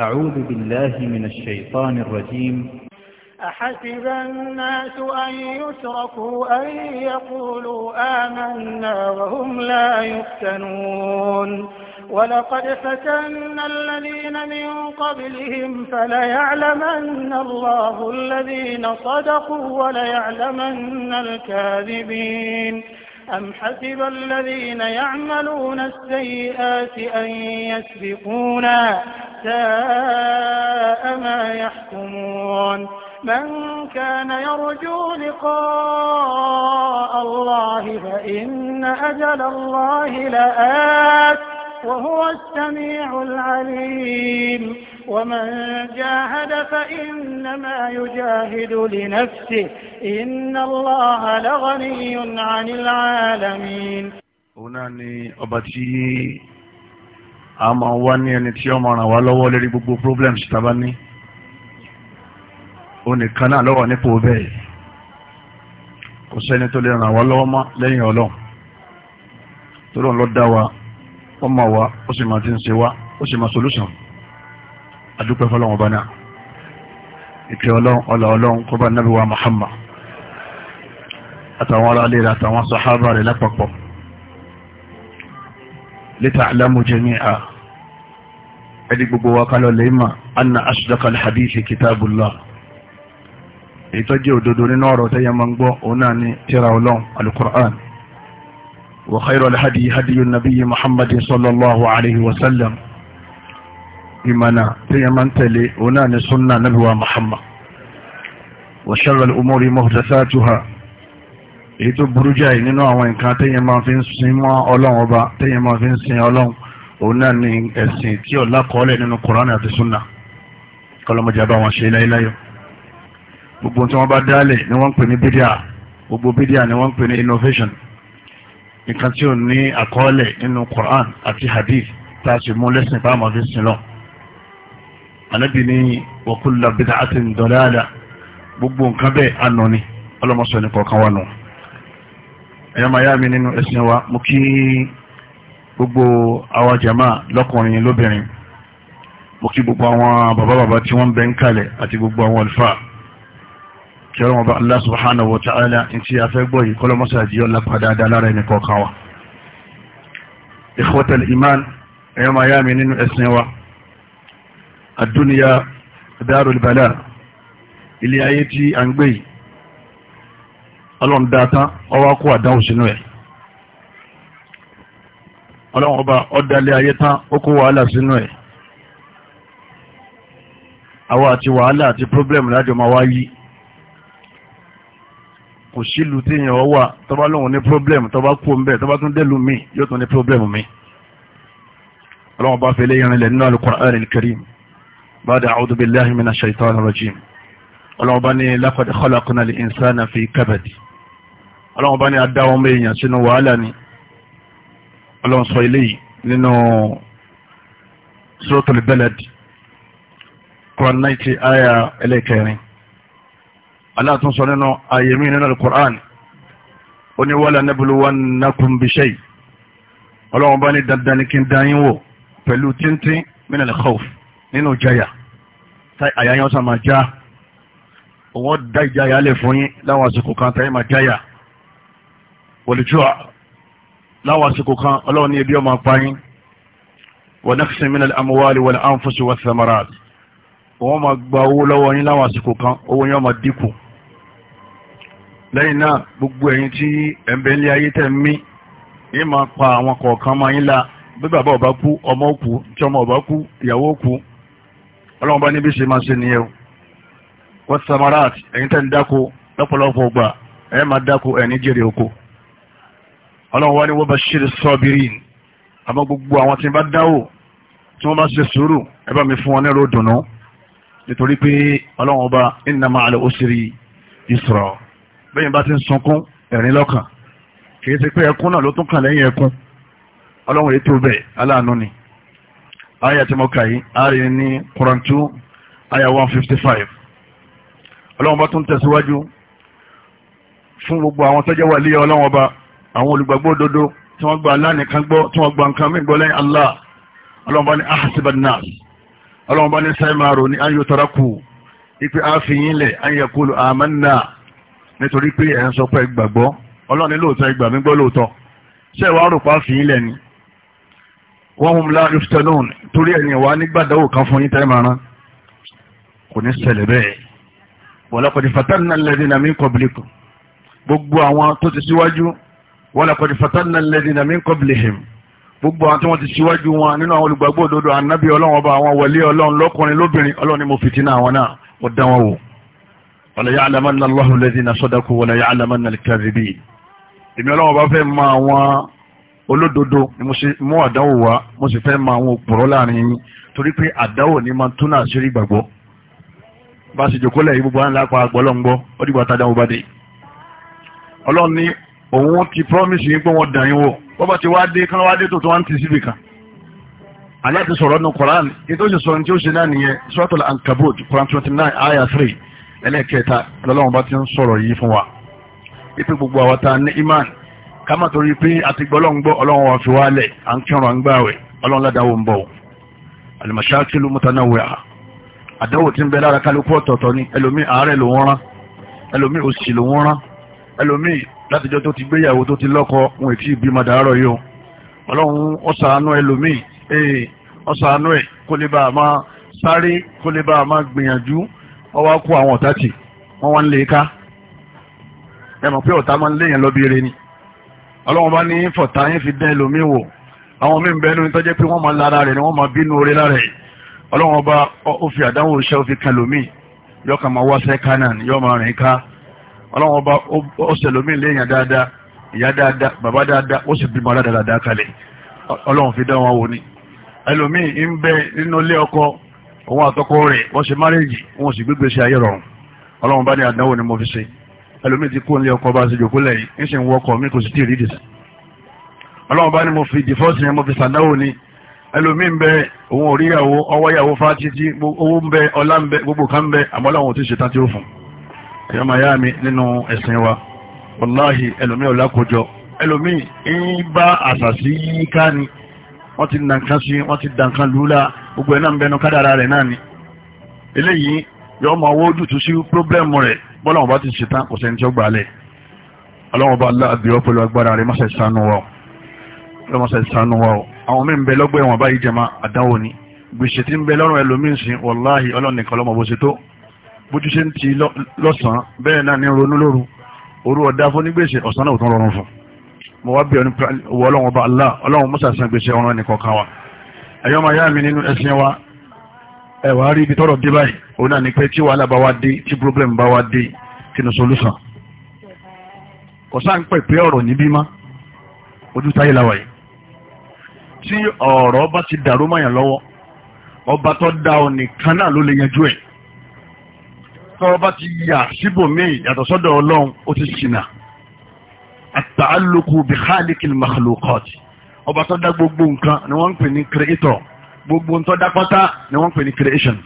أعوذ بالله من الشيطان الرجيم أحسب الناس أن يتركوا أن يقولوا آمنا وهم لا يفتنون ولقد فتنا الذين من قبلهم فليعلمن الله الذين صدقوا وليعلمن الكاذبين أم حسب الذين يعملون السيئات أن يسبقونا ساء ما يحكمون من كان يرجو لقاء الله فإن أجل الله لآت وهو السميع العليم ومن جاهد فإنما يجاهد لنفسه إن الله لغني عن العالمين ọ̀nà ni ọba tí a máa wá ní ẹni tí ó máa ràn wá lọ́wọ́ lórí gbogbo problems tàbá ní onìkan náà lọ́wọ́ nípò bẹ́ẹ̀ kò sẹ́ni tó lè ràn wá lọ́wọ́ mọ́ lẹ́yìn ọlọ́run tó lọ́n lọ́ dá wa ó máa wá ó sì máa ti ń ṣe wá ó sì máa solution adúpẹ́ fọlọ́wọn ọba náà ìkẹ́ ọlọ́run ọlá ọlọ́run kó bá nábì wa Muhammad àtàwọn ará léèrè àtàwọn sàhábà rẹ̀ lápapọ̀ lita'lamu jami'a ẹni gbogbo wa kálọ̀ lẹ́yìnmà anna asdaqal hadithi kitabullah èyí tó jẹ́ òdodo nínú ọ̀rọ̀ tẹ́yẹ máa ń gbọ́ òun náà ni tírà ọlọ́run alukur'an wa khayral hadi hadiyu nabiyyi Muhammadin sallallahu alayhi wa sallam ìmọ̀nà tí yẹn máa ń tẹ̀lé òun náà ni sunna nabiwa muhammad wa sharra al-umuri muhdathatuha èyí tó burú jáì nínú àwọn nǹkan téèyàn máa fi ń sin mọ́ ọlọ́run ọba téèyàn máa fi ń sin ọlọ́run òun náà ni ẹ̀sìn tí ò lákọọ́lẹ̀ nínú kùránì àti súnà kọlọ́mọjà bá wọn ṣe láéláyò gbogbo tí wọ́n bá dálẹ̀ ni wọ́n pè ní bídíà gbogbo bídíà ni wọ́n pè ní innovation nǹkan tí ò ní àkọọ́lẹ̀ nínú kùránì àti hadith tá a sì mú lẹ́sìn bá fi sin lọ́wọ́ anabi ní wa kullu bid'atin dalalah gbogbo nǹkan bẹ́ẹ̀ àná ni ọlọ́mọsọ ní kọ̀ọ̀kan wà nù ẹ̀yọ́ máa yá mi nínú ẹ̀sìn wa mo kí gbogbo àwa jàmá lọ́kùnrin lóbìnrin mo kí gbogbo àwọn bàbá bàbá tí wọ́n ń bẹ ń kalẹ̀ àti gbogbo àwọn àlùfáà kí ọlọ́mọ bá Allah subhanahu wa ta'ala ntí afẹ́ gbọ́ yìí kọ́lọ́mọsọ àjíyọ́ lápá dáadáa lára ẹni kọ̀ọ̀kan wa ikhwatal iman ẹ̀yọ́ máa yá nínú ẹ̀sìn wa àdúnìyà dárò ìbàlá ilé ayé tí a ń gbé yìí ọlọ́run dáta ọwá kó àdáhùn sínú ẹ̀ ọlọ́run ọba ọ̀dàlẹ̀ ayé tán ó kó wàhálà sínú ẹ̀ àwa àti wàhálà àti pírọ́blẹ̀mù lájọ máa wá yí kò sílùú téèyàn ọ wà tọ́ba lóun ní pírọ́blẹ̀mù tọ́ba kú ń bẹ̀ tọ́ba tún dẹ́lu mi yóò tún ní pírọ́blẹ̀mù mi ọlọ́run ọba fẹ́lẹ́ yẹn rìn lẹ̀ nínú Al-Qur'an al بعد أعوذ بالله من الشيطان الرجيم ọlọ́run bá ní laqad khalaqna al-insana fi kabad ọlọ́run bá ní adáwọn ọmọ èèyàn sínú wàhálà ni ọlọ́run sọ ilé yìí nínú suratul balad quran 90 aya ẹlẹ́kẹrin aláàtúnsọ nínú ayèmí nínú al-Qur'an ó ní wala nabluwannakum bi shay ọlọ́run bá ní dandan ní kí n dá yín wò pẹ̀lú tíntín min al-khawf nínú jaya àyà yẹn sàn máa já òun dá ìjayà lè fún yín láwọn àsìkò kan tẹ́yìn máa jáyà wọ̀lùjọ́ láwọn àsìkò kan ọlọ́run ní ebi ọmọ apá yín wọ́n náà fi mílẹ̀ amúwálì wọ́n àǹfọ̀sí wọ́n sẹ́mọ́ra òun máa gba owó lọ́wọ́ yín láwọn àsìkò kan owó yín máa dínkù lẹ́yìn náà gbogbo ẹ̀yin tí ẹ̀ǹbẹ̀ ilé ayé tẹ̀ mí yín máa pa àwọn kọ̀ọ̀kan máa yín la bí bàbá ọba kú ọmọ kú tí ọmọ ọba kú ìyàwó kú ọlọ́run bá níbi ṣe máa ṣe nìyẹn o wọ́n samarat ẹ̀yin tẹ́ ń dáko lọ́pọ̀lọpọ̀ ọgbà ẹ̀ máa dáko ẹ̀ ní jèrè oko ọlọ́run wá ní wọ́n bá ṣírí sọ́bírì àmọ́ gbogbo àwọn tí bá dáwò tí wọ́n bá ṣe sùúrù ẹ bá mi fún wọn nírò dùnú nítorí pé ọlọ́run ọba inna ma'al usri yusra bẹ́yìn bá ti ń sunkún ẹ̀rín lọ́kàn kì í ṣe pé ẹkún náà ló tún kàn lẹ́yìn ẹkún ọlọ́run ètò bẹ́ẹ̀ aláàánú ni aya tí mo kà yìí aya ní Quran two aya 155. fifty five ọlọ́run bá tún tẹ̀síwájú fún gbogbo àwọn tọ́jọ́ wà líyà ọlọ́run ọba àwọn olùgbàgbọ́ òdodo tí wọ́n gba Allah nìkan gbọ́ tí wọ́n gba nǹkan mí gbọ́ lẹ́yìn Allah ọlọ́run bá ní ahasiba nas ọlọ́run bá ní sẹ́màrò ní ayò tọ́rakù ipe àfihìn lẹ̀ ayẹ̀kulu àmánà nítorí pé ẹ̀ ń sọ pé gbàgbọ́ ọlọ́run ní lóòótọ́ ìgbà mí gbọ́ lóòótọ́ ṣé ìwà rò pa àfihìn lẹ̀ ni wọ́n hùm láàrin yuftanun torí ẹ̀yìn wá nígbàdáwò kan fún yín tẹ́mọ̀ràn kò ní ṣẹlẹ̀ bẹ́ẹ̀ walaqad fatanna alladhina min qablikum gbogbo àwọn tó ti síwájú walaqad fatanna alladhina min qablihim gbogbo àwọn tí wọ́n ti síwájú wọn nínú àwọn olùgbàgbọ́ òdodo ànábì ọlọ́run ọba àwọn wọlé ọlọ́run lọ́kùnrin lóbìnrin ọlọ́run ni mo fìtínà àwọn náà ó dán wọn wò olódodo ni mo ṣe mú àdáwò wá mo sì fẹ́ mọ àwọn òpùrọ́ láàrin yín torí pé àdáwò ni máa ń tún àṣírí ìgbàgbọ́ bá a sì jòkó lẹ́yìn gbogbo àwọn lápá agbọ́lọ́ngbọ́ ó dìgbà tá a dáwọ́ bá dé ọlọ́run ní òun ti promise yín pé wọ́n dàn yín wò wọ́n bá ti wá dé kán wá dé tó tó wá ń ti síbì kan àlẹ́ ti sọ̀rọ̀ nu Quran ètò ìṣe sọ̀rọ̀ tí ó ṣe náà nìyẹn Suratul Ankabut Quran twenty nine ayah three ẹlẹ́kẹta lọ́lọ́run bá ti ń sọ̀rọ̀ yìí fún wa ipe gbogbo àwọn ta ní iman Kama má torí pé àti gbọ́ ọlọ́run gbọ́ ọlọ́run wà fi wálẹ̀ à ń kírun à ń gbààwẹ̀ ọlọ́run ládàáwò ń bọ̀ àlùmọ̀ṣáàkìlù mùtànáwìà àdáwò tí ń bẹ lára kálukú ọ̀tọ̀ọ̀tọ̀ ni ẹlòmíì àárẹ̀ ló wọ́n rán ẹlòmíì òṣì ló wọ́n rán ẹlòmíì látijọ́ tó ti gbéyàwó tó ti lọ́kọ wọn ètí ìbímọ dàárọ̀ yìí o ọlọ́run ọ̀sàánú ẹlòmíì ee eh, ọ̀sàánú ẹ̀ kó lè bá a máa sáré kó lè bá a máa gbìyànjú wọ́n wá kó àwọn ọ̀tá tì wọ́n wá ń lè e ká ẹ mọ̀ pé ọ̀tá máa ń léèyàn lọ́bìnrin ni ọlọ́run bá ní fọ̀tá yín fi dẹ́ lómi wò àwọn mí bẹ́ẹ̀ ní tọ́jẹ́ pé wọ́n máa lára rẹ̀ ni wọ́n máa bínú orí lára rẹ̀ ọlọ́run ọba ó fi àdánwò iṣẹ́ ó fi kan lómi yọ kà máa wáṣẹ́ ká náà ni yọ máa rìn ká ọlọ́run ọba ó ṣe lómi léèyàn dáadáa ìyá dáadáa bàbá dáadáa ó sì bímọ dáadáa kalẹ̀ ọlọ́run fi dá wọn wò ni ẹlòmíì ń bẹ nínú ilé ọkọ òun àtọkọ rẹ̀ wọ́n ṣe márẹ́jì wọn sì gbégbèsè ayé rọrùn ọlọ́run bá ní àdánwò ni mo fi ṣe ẹlòmí ti kó nílé ọkọ̀ bá ṣe jòkó lẹ́yìn ń ṣe ń wọkọ̀ mi kò sì tí ì rídìí sí ọlọ́run bá ní mo fi dìfọ́sì yẹn mo fi sàdáwò ni ẹlòmí ń bẹ òun ò ríyàwó ọwọ́ ìyàwó fátítí owó ń bẹ ọlá ń bẹ gbogbo kan ń bẹ àmọ́ ọlọ́run ò ti ṣetán tí ó fún ẹ̀yọ́ máa yá mi nínú ẹ̀sìn wa wàláhì ẹlòmí ọ̀la kojọ ẹlòmí ń bá àṣàṣì yí ká ni wọ́n ti nà nǹkan sí wọ́n ti dà nǹkan lùúlà gbogbo ẹ̀ náà ń bẹnu kádàrà rẹ̀ náà ni eléyìí yọ ọmọ owó dùtù sí pírọ́blẹ́mù rẹ̀ bọ́lá wọn bá ti ṣe tán kò sẹ́ni tí ó gbà lẹ̀ ọlọ́wọ́n bá láàbí pẹ̀lú agbára rẹ̀ mọ́sẹ̀ sánú wa ọ mọ́sẹ̀ sánú wa ọ àwọn mí ń bẹ lọ́gbẹ́ wọn báyìí jẹma àdánwò ni gbèsè tí ń bẹ lọ́rùn ẹlòmíín sí wàláhì ọlọ́run nìkan lọ́mọ bó ṣe tó bójú ṣe ń ti lọ́sàn bẹ́ẹ̀ náà ní ronú lóru òru ọ̀dá fún ní gbèsè ọ̀sán náà ò tún rọrùn fún mo wá bí ọ nípa Allah ọlọ́run mọ́sàsán gbèsè ọ̀run ẹnìkọ̀ọ̀kan wa ẹ̀yọ́ máa yá mi ẹ̀wà rí ibi tọ́rọ̀ dé báyìí òun náà ni pé tí wàhálà bá wá dé tí problem bá wá dé kí ni solution kò sáà ń pè pé ọ̀rọ̀ níbí má ojú táyé la wà yìí tí ọ̀rọ̀ bá ti dàrú mọ́yàn lọ́wọ́ ọba tó dá ọ nìkan náà ló lè yanjú ẹ̀ tọ́ ọba ti yà síbòmíì yàtọ̀ sọ́dọ̀ ọlọ́run ó ti ṣìnà àtàlùkù bìhálìkì màlúkọ̀tì ọba tó dá gbogbo nǹkan ni wọ́n ń pè ní creator gbogbo ń tọ́já pátá ni wọ́n pè ní creation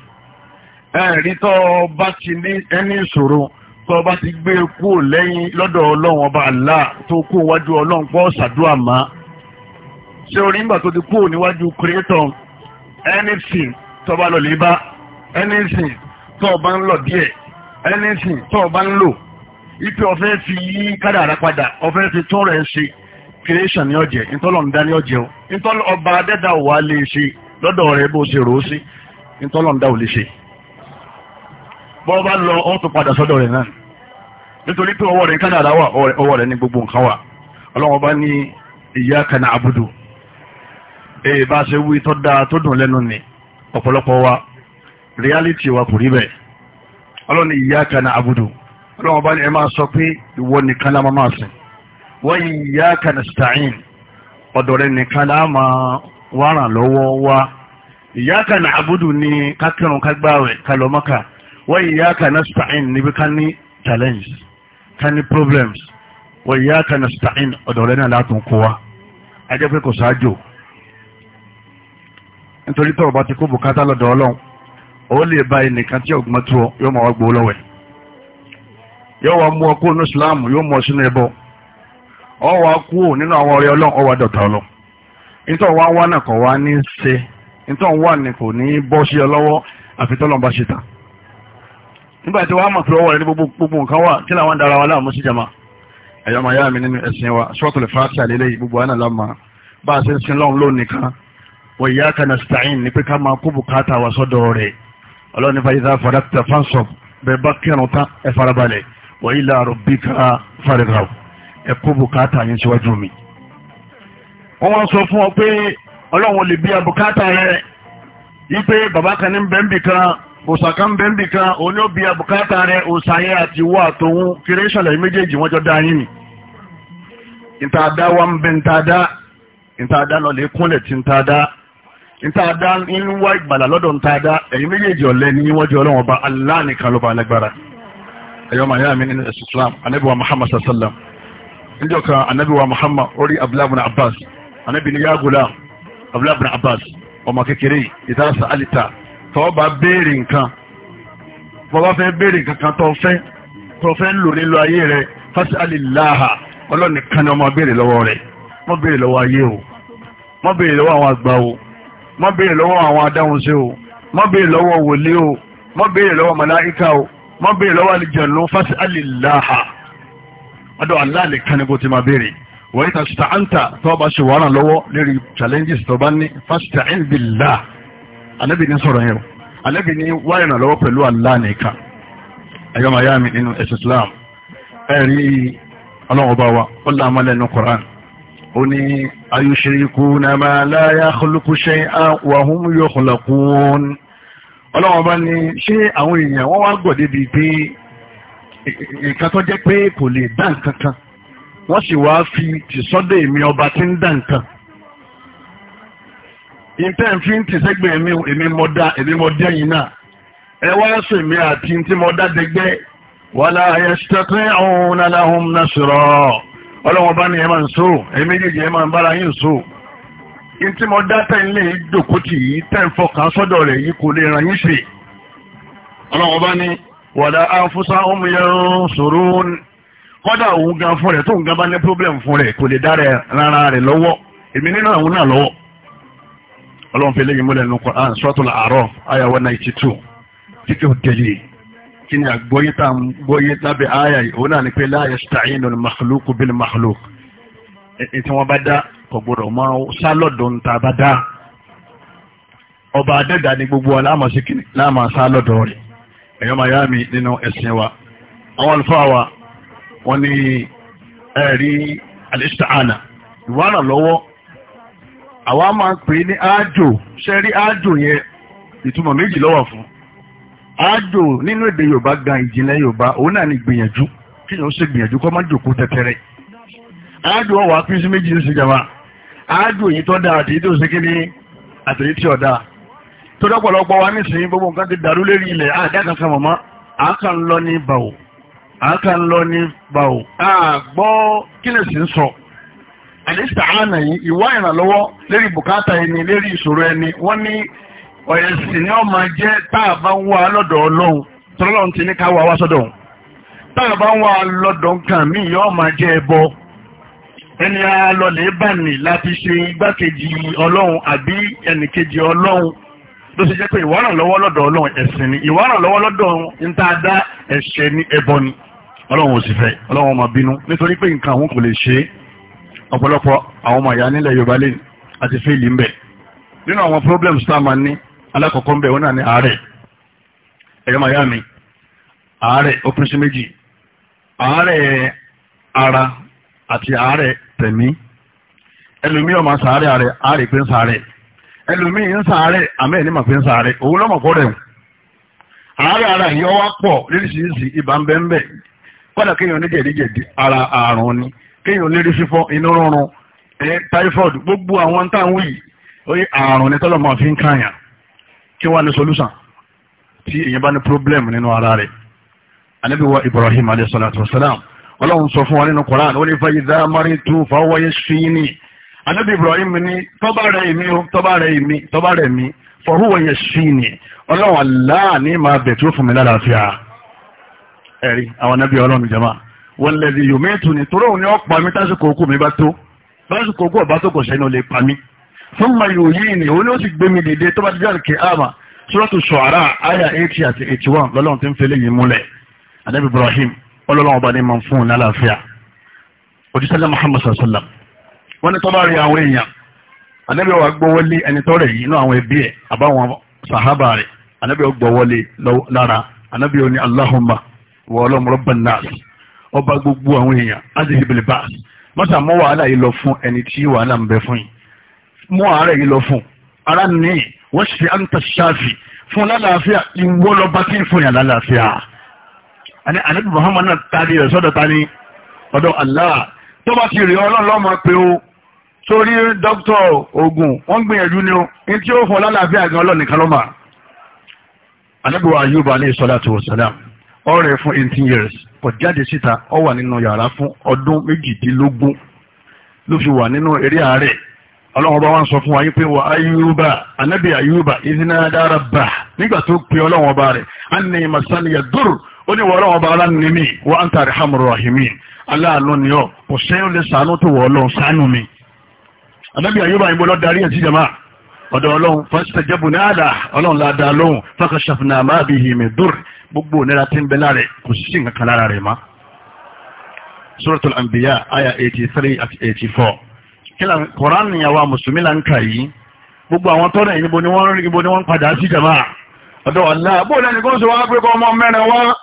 ẹ̀rí tó bá ti ní ẹni ìṣòro tó bá ti gbé e kúrò lẹ́yìn lọ́dọ̀ ọlọ́run ọba àlá tó kú wájú ọlọ́run pọ́ ṣàdúrà má ṣé orí ńgbà tó ti kúrò níwájú creator anything tó bá lọ lè bá anything tó bá ń lọ díẹ̀ anything tó bá ń lò ipe ọ̀fẹ́ fi yí kádàrá padà ọ̀fẹ́ fi tún rẹ̀ ṣe creation ní ọ̀jẹ̀ ntọ́lọ́ ń dá ní ọ̀jẹ̀ o ntọ́lọ́ ọba adẹ́dà wà lè ṣe lọ́dọ̀ rẹ̀ bó ṣe rò ó sí nítọ́lọ́ndà ò lè ṣe bọ́ bá lọ ọ́ tó padà sọ́dọ̀ rẹ̀ náà nítorí pé ọwọ́ rẹ̀ wà ọwọ́ gbogbo nǹkan wà bá ní èyí bá ṣe wí tó ni ọ̀pọ̀lọpọ̀ wa reality wa kò rí bẹ́ẹ̀ ọlọ́run ní bá ní ẹ máa sọ pé ìwọ nìkan lá máa sìn wa iyyaka ọ̀dọ̀ wá lọ́wọ́ wá ìyáka nà àbúdù ní kákírun kágbáwẹ̀ kalọ́mọ́ka wọ́n ìyáka na sta'in níbi ká ní challenge ká ní problems wọ́n ìyáka nà sta'in ọ̀dọ̀ náà látún kó wa ajẹ́ pé kò sáájò nítorí tọ́rọ bá ti kó bùkátà lọ́dọ̀ ọlọ́run ó lè ba ẹnìkan tí tó yóò máa wá gbowó yóò wá mú ọ kúrò ní Islam yóò mú ọ sínú ẹbọ ọ wá kúrò nínú àwọn ọlọ́run ọ wá ọlọ́run nítorí wá wá náà kọ̀ wá ní ṣe nítorí wà ní kò ní bọ́ sí ọ lọ́wọ́ àfi tọ́lọ́ bá ṣe tà nígbà tí wàá mọ̀ pé ọwọ́ rẹ̀ ní gbogbo nǹkan wà kí làwọn dára wa láàmú sí jama ẹ̀yọ́ màá yá mi nínú ẹ̀sìn wa sọ́ọ̀tù lè fàáṣì àlélẹ́ yìí gbogbo àná lámà bá a ṣe ń sin lọ́hùn lónìí kan wọ ìyá kan náà stain ní pé ká máa kó bùkátà wa sọ́dọ̀ rẹ̀ ọlọ́ni fàyíṣà wọ́n wá sọ fún ọ pé ọlọ́run lè bí abùkátà rẹ̀ wípé bàbá kan ní bẹ́ńbì kan òòsà kan bẹ́ńbì kan òun yóò bí abùkátà rẹ̀ òòsà yẹn àti ìwọ àtòun kírẹ́ṣọ̀lẹ̀ méjèèjì wọ́n jọ dá yín ni ìtaàdá wa ń bẹ ìtaàdá ìtaàdá lọ lè kúnlẹ̀ tí ìtaàdá ìtaàdá ń wá ìgbàlà lọ́dọ̀ ìtaàdá ẹ̀yin méjèèjì ọ̀lẹ́ ní níwájú ọlọ́run ọba Allah ló bá alágbára ẹ̀yọ́ màyá Islam anábìwá Muhammad sallam níjọ́ kan Muhammad orí abdullahi abbas anábì ní yagula abdullahi bin abbas ọmọ kékeré ìdá sàálìta tó bá béèrè nǹkan tó bá fẹ́ béèrè nǹkan tó fẹ́ tó fẹ́ ń lò nílò ayé rẹ fas'alillaha ọlọ́ni kan ni ọmọ béèrè lọ́wọ́ rẹ mọ́ béèrè lọ́wọ́ ayé o mọ́ béèrè lọ́wọ́ àwọn àgbà o mọ́ béèrè lọ́wọ́ àwọn adáhunṣe o mọ́ béèrè lọ́wọ́ wòlé o mọ́ béèrè lọ́wọ́ màláíkà o mọ́ béèrè lọ́wọ́ àlìjẹ̀nu fas'alillaha ọdọ̀ Allah wọ́n yíta ṣùtà áńtà tó bá ṣe wàhálà lọ́wọ́ lérí challenges tó bá ní fasta'in billah alẹ́bí ní sọ̀rọ̀ yẹn o alẹ́bí ní wáyà náà lọ́wọ́ pẹ̀lú Allah nìkan ẹ̀yọ́ máa yá mi nínú ẹ̀sìn Islam ẹ̀rí ọlọ́run bá wa ó là má lẹ́nu Quran ó ní ayushrikuna ma la yakhluqu shay'an wa hum yukhlaqun ọlọ́run bá ní ṣé àwọn èèyàn wọ́n wá gbọ̀ débi pé nǹkan pé kò lè dá nǹkan kan wọ́n sì wá fi tìsọ́dọ̀ èmi ọba tí ń dà nǹkan ìtẹ́ ń fi ń tìsẹ́gbẹ̀ èmi mọ́dá èmi mọ́dá yìí náà ẹ wá sọ èmi àti tí mọ́dá dẹgbẹ́ wàlá ayẹsítẹ́tẹ́ ọ̀hún aláhùn náà sọ̀rọ̀ ọlọ́wọ́n bá ní ẹ máa ń so èmi yìí ẹ máa ń bára yín so ìtí mọ́dá tẹ̀ ń lè dòkó tì yìí tẹ̀ ń fọkàn sọ́dọ̀ rẹ̀ yìí kò lè ràn yín ṣe ọlọ́wọ́n bá ní wàlá afúnṣá ọmọ yẹn sọ̀rọ̀ kọ́dà òun gan fún rẹ̀ tó gan bá ní problem fún rẹ̀ kò lè dá rẹ̀ rárá rẹ̀ lọ́wọ́ èmi nínú àwọn náà lọ́wọ́ ọlọ́run fi léyìn múlẹ̀ nù Quran Suratul A'raf àyà one ninety two kíkẹ́ òtẹ̀lẹ̀ kí ni àgbọ́yé tá à ń gbọ́yé lábẹ́ àyà yìí òun náà ni pé la yasta'inu al-makhluqu bil-makhluq tí wọ́n bá dá kò gbọ́dọ̀ máa sá lọ́dọ̀ ń ta dá ọba adẹ́dà ni gbogbo wa láàmà sí kìnnì láàmà sá lọ́dọ̀ rẹ̀ ẹ̀yọ́ màyàmì nínú ẹ̀sìn wa àwọn àlùfáà wa wọ́n ní ẹ̀rí alẹ́sítàánà ìwárà lọ́wọ́ àwa máa ń pè ní ájò ṣẹ́rí ájò yẹn ìtumọ̀ méjì lọ́wọ́ fún ájò nínú èdè yorùbá gan ìjìnlẹ̀ yorùbá òun náà ní gbìyànjú kí ni ó ṣe gbìyànjú kó má jòkó tẹ́tẹ́rẹ́ sí méjì yìí tí ọ̀dà wa nísìnyí gbogbo nǹkan ti dàrú lérí ilẹ̀ àdá kankan mọ̀mọ́ àáká lọ ní báwo. àgbọ́ kílẹ̀ ń sọ àdìsí àánà yìí ìwá ìrànlọ́wọ́ lérí bùkátà ẹni lérí ìṣòro ẹni wọ́n ní ni ọmọ jẹ́ tá a bá ń wá lọ́dọ̀ ọlọ́run tọ́lọ́run ti ní ká wá wá sọ́dọ̀ tá a bá ń wá lọ́dọ̀ nǹkan yọ́ ọmọ jẹ́ ẹbọ ẹni ní láti ṣe igbákejì ọlọ́run àbí ẹnìkejì ọlọ́run ló ṣe jẹ́ pé ìwà ìrànlọ́wọ́ lọ́dọ̀ ọlọ́run ẹ̀sìn ni ìwà ìrànlọ́wọ́ lọ́dọ̀ níta dá ẹ̀ṣẹ̀ ní ẹbọ ni ọlọ́run ò sì fẹ́ ọlọ́run ọmọ bínú nítorí pé nǹkan àwọn kò lè ṣe ọ̀pọ̀lọpọ̀ àwọn ọmọ ìyá nílẹ̀ Yorùbá lẹ́yìn àti fẹ́ẹ̀lì ń bẹ nínú àwọn problems tá a máa ní alákọ̀ọ́kọ́ ń bẹ wọn náà ní àárẹ̀ ẹ̀yọ́ màá yá mi àárẹ̀ ó pín sí méjì àárẹ̀ ara àti àárẹ̀ tẹ̀mí ẹlòmíràn máa sàárẹ̀ àárẹ̀ àárẹ̀ pé ẹlòmíì ń sàárẹ̀ àmẹ́ ní màfi ń sàárẹ̀ òun lọ́mọ̀ kọ́ rẹ̀ àárẹ̀ ara yìí ọwá pọ̀ lóríṣiríṣi ibà ń bẹ́ ń bẹ́ kọ́dà kéèyàn ní jẹ̀díjẹ̀dí ara àrùn ni kéèyàn lérí fífọ́ inú rọrùn ẹ typhoid gbogbo àwọn táwọn yìí oye àrùn ni tọ́lọ̀ máa fi ń kàyàn kí wọ́n ní solution tí èyàn bá ní problem nínú ara rẹ̀ anábì Ibrahim alayhi salatu wa salam ọlọ́run sọ fún wa nínú Quran ó ní fa idha maritu fa huwa anabi ibrahim ni tọ́ba rẹ̀ èmi o tọ́ba rẹ̀ èmi tọ́ba rẹ̀ mi fọ̀húwọ̀ yẹn sí ni ọlọ́run aláà ní máa bẹ̀ tí ó fún mi lálàáfíà ẹ̀rí àwọn anabi ọlọ́run jama wọn lẹ́bi yomi tu ni torí òun ni ó pa mí tásìkò òkú mi bá tó tásìkò òkú ọba tó kò sẹ́ni ó lè pa mí fún ma yòó yìí ni òun ni ó sì gbé mi dìde tó bá ti jáde kí ama sọ́tù sọ̀hárà àyà eighty àti eighty one lọ́lọ́run ti ń fẹ́lẹ́ yìí múlẹ̀ anabi ibrahim ọlọ́run ọba ni máa fún un lálàáfíà òjísàlẹ̀ muhammad sallallahu alayhi wa sallam wọ́n ní tọ́ba rí àwọn èèyàn ànábì wa gbọ́wọ́ lé ẹni tọ́rẹ̀ yìí inú àwọn ẹbí ẹ̀ àbáwọn sàhábà rẹ̀ ànábì wa gbọ́wọ́ lé lára ànábì wa ní aláhùnmá wọ ọlọ́run rọ́bà náà ọba gbogbo àwọn èèyàn láti ìbìlì bá a mọ́tà mọ́ wàhálà yìí lọ fún ẹni tí wàhálà ń bẹ fún yìí mú àárẹ̀ yìí lọ fún ara ní wọ́n ṣe àǹtà ṣáàfì fún lálàáfíà ìwọ lọ bá kí n fún yàn lálàáfíà ànábì Muhammad náà tani rẹ̀ sọ́dọ̀ tani ọ̀dọ̀ Allah tó ti rí ọlọ́run lọ́mọ pé ó torí dókítà ogun wọ́n gbìyànjú ni o ní tí ó fọ́ lálàáfíà gan ọlọ́ọ̀ nìkan lọ́mà anábíwá Ayúbà alayhi salatu wassalam ọ̀rẹ́ fún eighteen years kò jáde síta ó wà nínú yàrá fún ọdún méjìdínlógún ló fi wà nínú eré àárẹ̀ ọlọ́run ọba wa ń sọ fún wa yín pé wà ayúbà anábì ayúbà ìdínàdára bà nígbà tó pe ọlọ́run ọba rẹ̀ á ní masaniya dúró ó ní wọ ọlọ́run ọba aláàánú mi wọ́n á ń tàrí hamuru rahimi aláàánú ni ọ kò sẹ́yìn lè sànú tó wọ ọlọ́run sànú mi anábì àyùbá ìbò lọ darí ẹ̀sí jama ọ̀dọ̀ ọlọ́run fásitẹ̀jẹ́bù ní àdá ọlọ́run láàdá lóhun fákàṣàfínà máa bí i mi dùr gbogbo onira tí ń bẹ láàrẹ kò sí nǹkan lára rẹ̀ má. suratul anbiya aya 83 àti 84 kílà koran ni àwa mùsùlùmí là ń kà yìí gbogbo àwọn tọ́nà yìí níbo ni wọ́n rí ibo ni wọ́n padà sí jama ọ̀dọ̀ ọ̀la bó lẹ́ni kó sọ wá pé kọ́ ọmọ mẹ́rin wá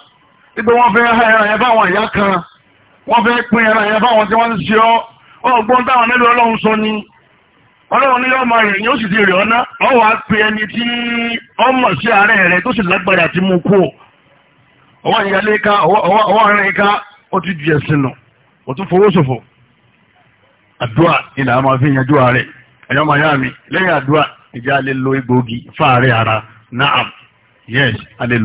ọlọ́run ní ọmọ rẹ̀ sì ti ọ́ná ọ wá ẹni tí ọmọ sí àárẹ̀ rẹ̀ tó sì lágbára ti mú kú ọwọ́ ìyálé ká ọwọ́ àárẹ̀ ká ó ti jù ẹ̀sìn nù ó tún fowó àdúrà fi yanjú ẹ̀yọ́ mi lẹ́yìn àdúrà ìjà lè lo yes a lè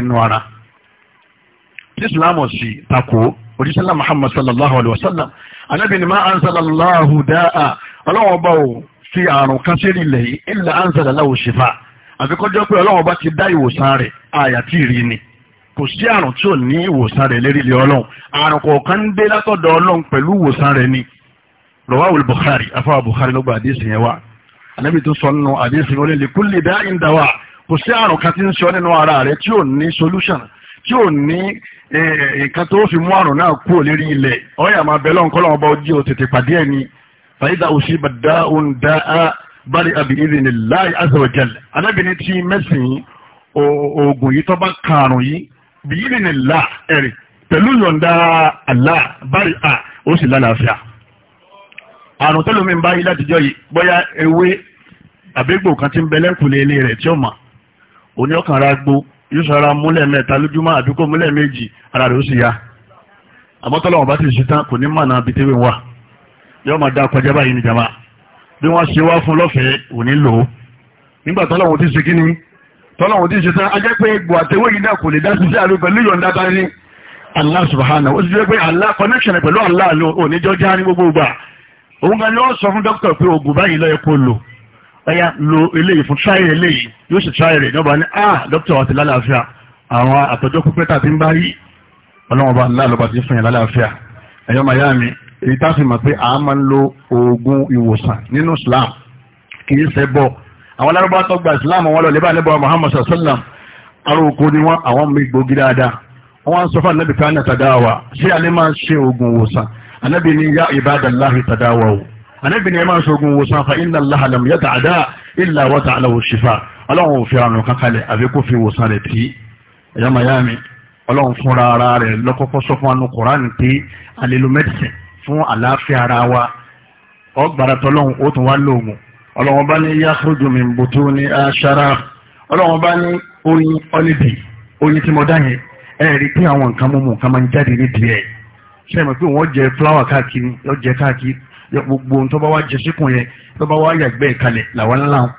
lo a tí islamu sì takò òjísàlá muhammad sallallahu alayhi wa sallam anábì ni máa ń sallallahu dáa ọlọ́wọ́n bá o fi àrùn kan sí ilẹ̀ yìí ilẹ̀ à ń sàlàlá ò ṣèfà àfikọ́jọ́ pé ọlọ́wọ́n bá ti dá ìwòsàn rẹ̀ àyàtì rí ni kò sí àrùn tí ò ní ìwòsàn rẹ̀ lérí ilé ọlọ́run àrùn kọ̀ọ̀kan ń dé látọ̀dọ̀ ọlọ́run pẹ̀lú ìwòsàn rẹ̀ ni rọwáwul bukhari afáwà bukhari ló gba àdéhìsì yẹn wá anábì tó sọ nínú àdéhìsì wọn lè kúlè dá ìdáwà kò sí àrùn kan tí ń sọ nínú ara rẹ̀ tí ò ní solution tí ò ní Eh, nǹkan tó fi mú àrùn náà kúrò lérí ilẹ̀ ọ̀yà máa bẹ̀ lọ́nkọ́ lọ́wọ́ bá ojú òtètè pàdé ẹni fàyídà òsì bàdá òun dá a bari àbí ìrìn láì azọ̀jẹ̀lẹ̀ alábìnrin tí mẹ́sìn oògùn yìí tó bá kààrùn yìí bí ìrìn là ẹ̀rì pẹ̀lú yọ̀ǹda àlá bari a ó sì lálàáfíà àrùn tó lómi ń bá yí látijọ́ yìí bóyá ewé àbẹ́gbò kan ti ń bẹ lẹ́kùnlé ilé rẹ̀ tí ó mọ̀ òní ọkàn ra gbó yóò sọ ara múlẹ̀ mẹ́ta lójúmọ́ àdúgbò múlẹ̀ méjì ara rẹ̀ ó sì ya àmọ́ tọ́lọ́wọ́n bá ti ṣe tán kò ní mànà abitéwé wa yóò máa dá kọjá báyìí níjàmbá bí wọ́n ṣe wá fún lọ́fẹ̀ẹ́ ò ní lò ó nígbà tọ́lọ́wọ́n ti ṣe kí ni tọ́lọ́wọ́n ti ṣe tán ajẹ́ pé egbò àtẹwé yìí náà kò lè dá sísẹ́ àlọ́ pẹ̀lú yọ̀ǹda bá ní Allah subhanahu ó sì jẹ́ pé Allah connection pẹ̀lú Allah ló oníjọ́ já ní gbogbo gbà òun gan ni wọ́n sọ fún dókítà pé oògùn báyìí ló yẹ kó lò ẹ̀yà lo eléyìí fún tíráyì eléyìí yóò sì tíráyì rẹ̀ ìjọba ní ah dókítà wa ti lálàáfíà àwọn àtọ́jọ́ pípẹ́ tàbí ń bá rí ọlọ́wọ́n bá ńlá lọ́ba ti fún yẹn lálàáfíà ẹ̀yọ́ màyá mi èyí tá a fi mọ̀ pé a máa ń lo oògùn ìwòsàn nínú Islam kì í ṣe bọ̀ àwọn alárúbá tó gba Islam wọn lọ lè bá níbo Muhammad sallam aróko ni wọn àwọn mi gbòógì dáadáa wọn sọ fún anabi kan ní àtàdáwà ṣé alẹ́ máa ń ṣe oògùn ìwòsàn anabi ní yá ibadallahi tàdáwà o àníbìnrin ẹ máa ń ṣogun wo sanfa inna Allaha lam yata'ada illa wọ́ta aláwọ̀ ṣìfà ọlọ́run ò fi àrùn kankan lẹ̀ àbí kò fi wòsàn rẹ̀ tí ẹ̀yà miami ọlọ́run fúnra ara rẹ̀ lọ́kọ́kọ́ sọ fún anu Kùránì pé alilu medicine fún àlàáfíà ara wa ọgbàrà tọ́lọ́run ó tún wá lóògùn ọlọ́run bá ní yakhruju min butuni asharaf ọlọ́run bá ní oyin ọ́nìbì oyin tí mo dá yẹn ẹ rí pé àwọn nǹkan mú mu nǹkan máa ń jáde nídìí ẹ̀ ṣe é mọ̀ pé wọ́n jẹ fúláwà káàkiri wọ́n jẹ káàkiri gbogbo ohun tó bá wá jẹ síkùn yẹn tó bá wá yàgbẹ́ ìkalẹ̀ làwọn ńlá wọn.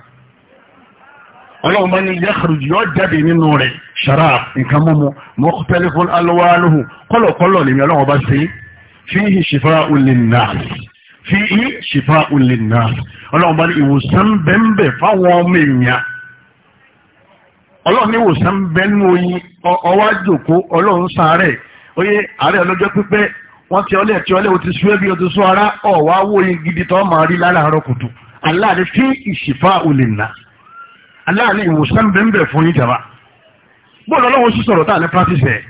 ọlọ́run bá ní yakhruj yọ jáde nínú rẹ̀ sharab nǹkan mímu mukhtalifun alwanuhu kọ́lọ̀kọ́lọ̀ lèmi ọlọ́run bá ṣe fihi shifa'un linnas fihi shifa'un linnas ọlọ́run bá ní ìwòsàn bẹ́ẹ̀ fáwọn ọmọ èèyàn ọlọ́run ní ìwòsàn bẹ́ẹ̀ nínú oyin ọwájòkó ọlọ́run sáré oyè àárẹ̀ ọlọ́jọ́ pípẹ́ wọ́n ti ọlẹ́ ti ọlẹ́ o ti sún ẹbí o ti sún ara ọ̀wá owó gidi tó máa rí láràárọ̀ kùtù aláàrẹ tí ìṣìfà olè nà aláàrẹ ìwòsàn bẹ́ẹ̀ fún yín jàmbá bọ́ọ̀lù ọlọ́wọ́ sí sọ̀rọ̀ tá à ní practice ẹ̀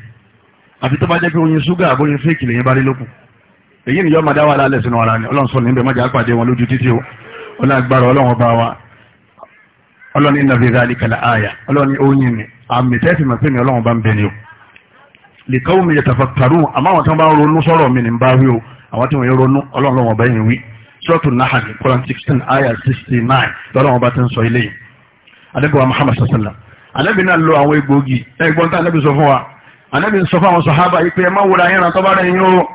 àfi tó bá jẹ́ pé oyin ṣúgà àbóyin fíìkì lèyìn bá rí lókù èyí ni yọ́ọ́ máa dá wà lálẹ́ sínú ara ni ọlọ́run sọ ní ibẹ̀ mọ́jà pàdé wọn lójú títí o ọlọ́gbàrọ̀ lìkọ́ omi yẹtàfàkàrù àmọ́ àwọn tí wọ́n bá ronú sọ̀rọ̀ mi ní ń bá wí o àwọn tí wọ́n yẹn ronú ọlọ́run lọ́wọ́ bá yẹn wí sọ́ọ̀tù nahal Quran sixteen ayah sixty nine lọ́dọ̀ wọn bá ti ń sọ ilé yìí adébọ̀wá Muhammad sassala anábì náà lo àwọn egbòogi ẹgbọ́n tá anábì sọ fún wa anábì sọ fún àwọn sahaba yìí pé ẹ má wúra yẹn rántọ́ bá rẹ̀ yín o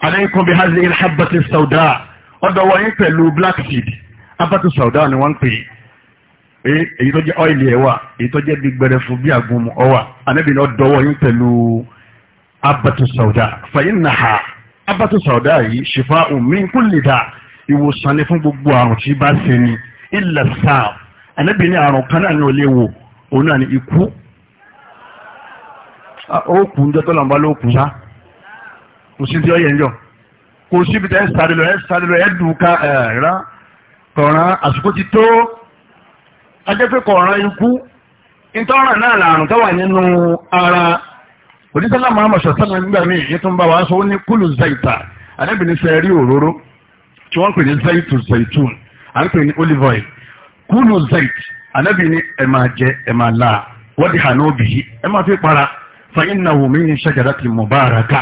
alaykum bi hazi ilhabati sauda ọ̀dọ̀ wọ̀nyí pẹ̀lú black seed abati sauda ni wọ́n ń pè é èyí tó jẹ́ ọ́ìlì ẹ̀wà èyí tó jẹ́ gbígbẹrẹ fún bí àgùnmu ọ̀wà anábì náà dọ̀wọ́ yín pẹ̀lú abatu sauda fàyínnaha abatu sauda yìí ṣìfà min kulli da ìwòsàn ni fún gbogbo àrùn tí bá ṣe ni illa sáà ànábì ní àrùn kan náà ní olè wò òun náà ní ikú ó kù ń jọ tó lọ́nba ló kù kò sí ti ọ yẹn jọ kò síbi tẹ́ ẹ sáré lọ ẹ sáré lọ ẹ dùn ká ẹ rà kọ̀ọ̀ràn àsìkò ti tó ajẹ́pẹ́ kọ̀ọ̀ràn ikú ìtọ́ràn náà làrùn tó wà nínú ara onísàlá muhammad sọ̀tàn nígbà míì yìí tó ń bá wa sọ ó ní kúlù zaita anábìnrin fẹ́ rí òróró tí wọ́n pè ní zaitu zaitun à ń pè ní olive oil kúlù zait anábìnrin ẹ̀ máa jẹ ẹ̀ máa la wọ́n di hànú òbí yìí ẹ̀ máa fi para fàyín náà wò mí ní shajarati mubaraka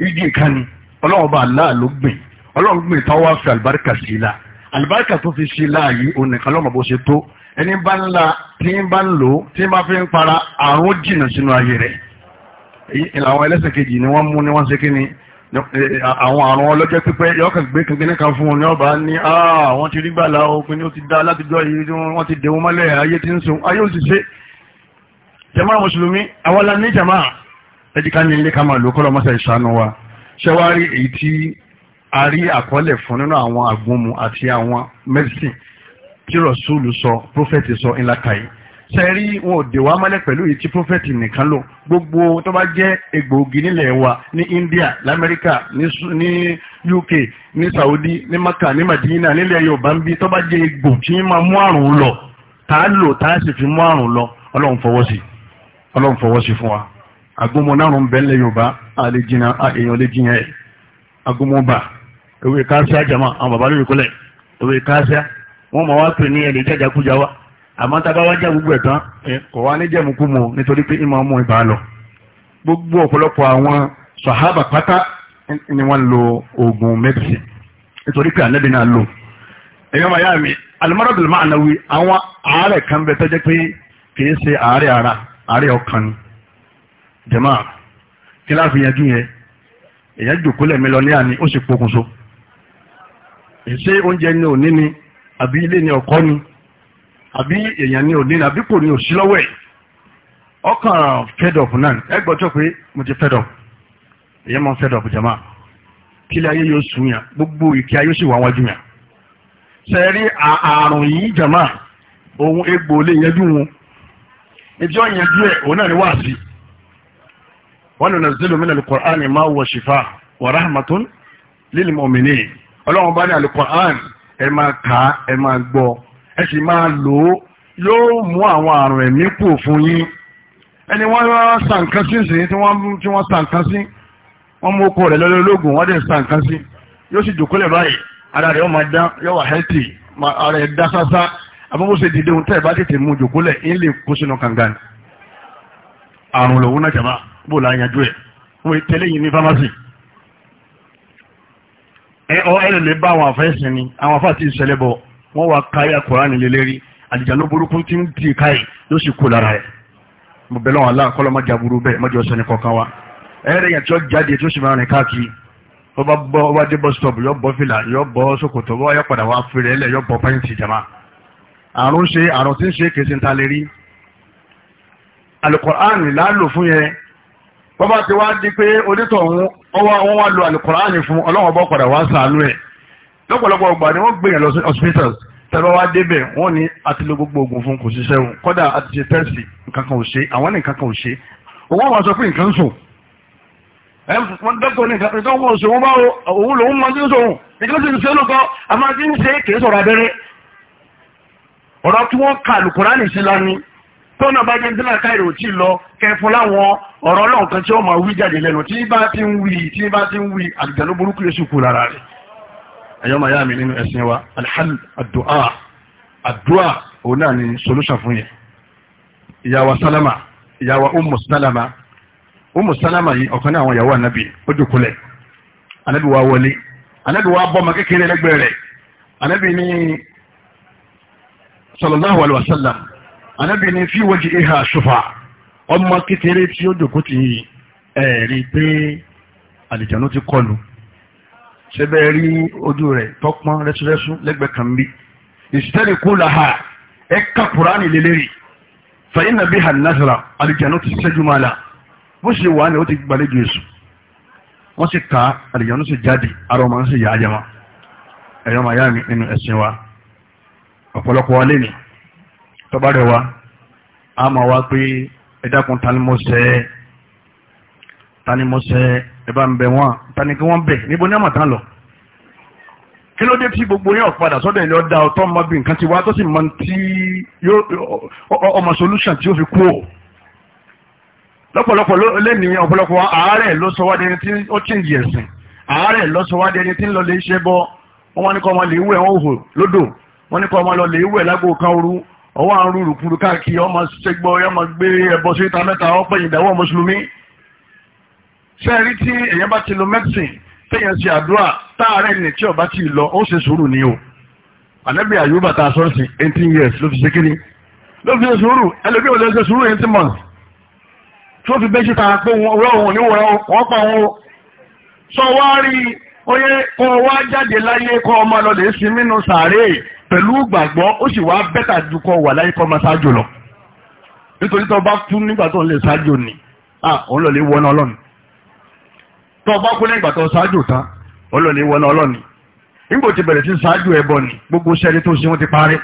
igi ìkànnì ọlọ́run bá aláàlú gbìn ọlọ́run gbìn táwọn wá fi àlùbáríkà sí i la àlùbáríkà tó fi ṣe láàyè onìkan lọ́mọ bó ṣe tó ẹni bá ńlá tí ń bá ń lò tí ń bá fi ń para àrùn jìnnà sínú ayé rẹ̀ àwọn ẹlẹ́sìn kejì ni wọ́n mú ni wọ́n ṣe kí ni e, e, àwọn àrùn ọlọ́jọ́ pípẹ́ yọ́kàn gbé kankan kan fún un ní ọba ah, ní àwọn ti rí gbàlá ogun ni ó ti dá látijọ́ yìí wọ́n ti dẹ̀wọ́n mọ́lẹ̀ ayé ti ń sun ayé ò sì ṣe jàmáà mùsùlùmí awọ́lá ní jàmáà ẹjíká ní ilé ká máa lò kọ́lọ́ mọ́sẹ̀ ìṣàánú wa ṣẹ́wárí èyí tí a rí àkọọ́lẹ̀ fún nínú àwọn àgbọ̀mù àti àwọn mẹ́sìn tí rọ̀ṣúlù sọ prófẹ́tì sọ ńlá kàyí sẹ́rí wọn ò dè wá mọ́lẹ̀ pẹ̀lú èyí tí prophet nìkan lò gbogbo tó bá jẹ́ egbòogi nílẹ̀ wa ní India lamẹ́ríkà ní UK ní Saudi ní Maka ní Madina nílẹ̀ Yorùbá ń bí tó bá jẹ́ egbò tí ń máa mú àrùn lọ tá a lò tá a sì fi mú àrùn lọ Ọlọ́run fọwọ́ sí Ọlọ́run fọwọ́ sí fún wa agbómọnárùn bẹ́ẹ̀ lẹ̀ Yorùbá àlejìnà èèyàn lè jiyàn ẹ̀ agbómọba ewé káṣíá jama àwọn bàbá lórí kọlẹ̀ ewé káṣíá wọ́n máa wá pè ní ẹ̀lẹ́jàjà àmọ́ tá a bá wá jẹ́ gbogbo ẹ̀tán kò wá ní jẹ́mukú mu nítorí pé ìmọ̀ ọmọ ìbá lọ gbogbo ọ̀pọ̀lọpọ̀ àwọn sàhábà pátá ni wọ́n lo oògùn mẹ́dísì nítorí pé ànábì náà lò ẹ̀yọ́ màá yá mi almaradul ma'nawi àwọn àárẹ̀ kan bẹ tọ́jẹ́ pé kìí ṣe àárẹ̀ ara àárẹ̀ ọkàn ni jẹ̀mọ́ kí láàfin yanjú yẹn èyàn jòkólẹ̀ mílíọ̀nìyà ni ó sì àbí èèyàn ní òní àbí kò ní òsí lọ́wọ́ ẹ̀ ọkàn fed up náà ẹ gbọ́dọ̀ pé mo ti fed up èèyàn máa ń fed up jama kílẹ̀ ayé yóò sùn yàn gbogbo ìkí ayé sì wà wájú yàn sẹ́ẹ̀rí àrùn yìí jama ohun egbò lè yanjú wọn ìjọ yanjú ẹ̀ òun náà ni wà sí wọn nana zilu min alukur'an ma wa shifa wa rahmatun lil mu'minin ọlọ́run bá ní alukur'an ẹ máa kà ẹ máa gbọ́ ẹ sì máa lò ó yóò mú àwọn àrùn ẹ̀mí kù fún yín ẹni wọ́n rán sàǹkan sí ìsìn tí wọ́n tí wọ́n sàǹkan sí wọ́n mú oko rẹ̀ lọ́lọ́ ológun wọ́n dẹ̀ sàǹkan sí yóò sì jòkólẹ̀ báyìí ara rẹ̀ ọmọ dán yóò wà healthy ara ẹ̀ dá sásá abọ́mọ́sẹ̀ dìde ohun tẹ́ ẹ̀ bá tètè mú jòkólẹ̀ ń lè kó sínú kànga ni àrùn lòun náà jàmá bó la yanjú ẹ̀ wọ́n tẹ́lẹ̀ yìí ní fámásì ẹ ọ ẹ lè bá àwọn àfẹ́sìn ni àwọn àfáà ti bọ̀ wọ́n wá káyà Kùránì lé lérí àdìjànú burúkú tí ń di káyì yóò sì kú lára ẹ̀ mo bẹ̀ lọ́wọ́ aláà kọ́lọ́ mọ́jà burú bẹ́ẹ̀ mọ́jà ọ̀sẹ̀ kọ̀ọ̀kan wa ẹ̀rẹ́ yẹn tí ó jáde tí ó sì máa rìn káàkiri ó bá bọ́ ó bá dé bọ́ stop yóò bọ́ fìlà yóò bọ́ ṣòkòtò wọ́n yóò padà wá fèrè ẹlẹ̀ yóò bọ́ pẹ́yìntì jama àrùn ṣe àrùn tí ń ṣe kèsì ń ta lè rí alukọ̀ránì lálò fún yẹn bọ́bá ti wá di pé onítọ̀hún wọ́n wá lo alukọ̀ránì fún ọlọ́wọ́n bọ́ padà wá sàánú ẹ̀ lọ́pọ̀lọpọ̀ ọgbà ni wọ́n gbé yàn lọ sí hospitals tẹ́lọ́ wá débẹ̀ wọ́n ní àti lo gbogbo oògùn fún kò ṣiṣẹ́ wọn kọ́dà àti ṣe tẹ́sì nǹkan kan ò ṣe àwọn ní nǹkan kan ò ṣe òun àwọn sọ pé nǹkan ń sùn wọ́n dọ́kọ̀ ní nǹkan kan wọ́n sọ wọ́n bá òun lòun máa ń sọ òun nǹkan sì ń ṣe lóko àmọ́ ti ń ṣe kìí sọ̀rọ̀ abẹ́rẹ́ ọ̀rọ̀ tí wọ́n ka àlùkùránì sí lani tó ẹ̀yọ́ máa yá mi nínú ẹ̀sìn wa alhal adu'a adu'a òun náà ni solution fún yẹn ìyàwó sálámà ìyàwó umu sálámà umu sálámà yìí ọ̀kan ní àwọn ìyàwó anabi ó dùkúlẹ̀ anabi wa wọlé anabi wa bọ́ ọmọ kékeré lẹ́gbẹ̀ẹ́ rẹ̀ anabi ní sallallahu alayhi wa sallam anabi ní fi wajiha ṣùfà ọmọ kékeré tí ó dùkú ti yìí ẹ̀ẹ́rí pé àlìjánu ti kọlu ṣe bẹ́ẹ̀ rí ojú rẹ̀ tọ́pọ́n rẹ́súrẹ́sú lẹ́gbẹ̀ẹ́ kan bí ìṣẹ́lẹ̀ kú làhà ẹ ká kùránì lélẹ́rì fẹ̀yìn nàbí hanásàrà àlìjànú ti ṣẹ́jú máa la bó ṣe wà ní ó ti gbàlejò èṣù wọ́n sì ká àlìjànú sì jáde ara ọmọ sì yà á jama ẹ̀yọ́ máa yá mi nínú ẹ̀sìn wa ọ̀pọ̀lọpọ̀ wa lé ní tọ́ba wa a máa wá pé ẹ dákun tanimọ̀sẹ̀ tanimọ̀sẹ̀ ẹ̀bá ń bẹ̀ wọ́n tani kí wọ́n bẹ̀ níbo ní àmọ̀tán lọ kí ló dé tí gbogbo yẹn ọ̀padà sọ́dọ̀ ilé ọ̀dà ọ̀tọ́ ọmọ bí nǹkan ti wá tó sì mọ tí ọmọ solution tí ó fi kú o lọ́pọ̀lọpọ̀ lẹ́ni ọ̀pọ̀lọpọ̀ àárẹ̀ ló sọ wá dẹni tí ó change ẹ̀sìn àárẹ̀ ló sọ wá dẹni tí ń lọ lè ṣe bọ́ wọ́n ní kọ́ ọmọ lè wẹ̀ wọ́n hò lódò wọ́n ní kọ́ ọmọ lọ lè wẹ̀ lágbo kan oru ọwọ́ àrùn rùkúrú káàkiri ọmọ ṣẹgbọ́ ọmọ gbé ẹbọ sí ìta mẹ́ta ọpẹ́ ìdáwọ́ mùsùlùmí sẹ́ẹ̀rí tí èèyàn bá ti lo medicine téèyàn ṣe àdúrà táàárẹ̀ ní tí ọba ti lọ ó ṣe sùúrù ni o ànábì àyùbá ta sọ́ọ̀sì eighteen years ló fi ṣe kíni ló fi ṣe sùúrù ẹlòmíì ò lè ṣe sùúrù eighteen months tí ó fi bẹ́ẹ̀ ṣe ta pé wọ́n òun níwọ̀n wọ́n pa wọn o sọ wá rí oyè kọ́ wá jáde láyé kọ́ ọmọ lọ lè sin nínú sàárè pẹ̀lú gbàgbọ́ ó sì wá bẹ́tà ju kọ́ wà láyé kọ́ ọmọ ṣáájú lọ nítorí tó bá kú nígbà tó ń lè ṣáájú ni ah òun lọ lè wọ́n náà lọ́nà tó o bá kú lẹ́yìn ìgbà tó o ṣáájú tán ọlọ́ni wọná ọlọ́ni nígbò tí bẹ̀rẹ̀ sí ṣáájú ẹbọ ni gbogbo sẹ́ni tó ṣe wọ́n ti parí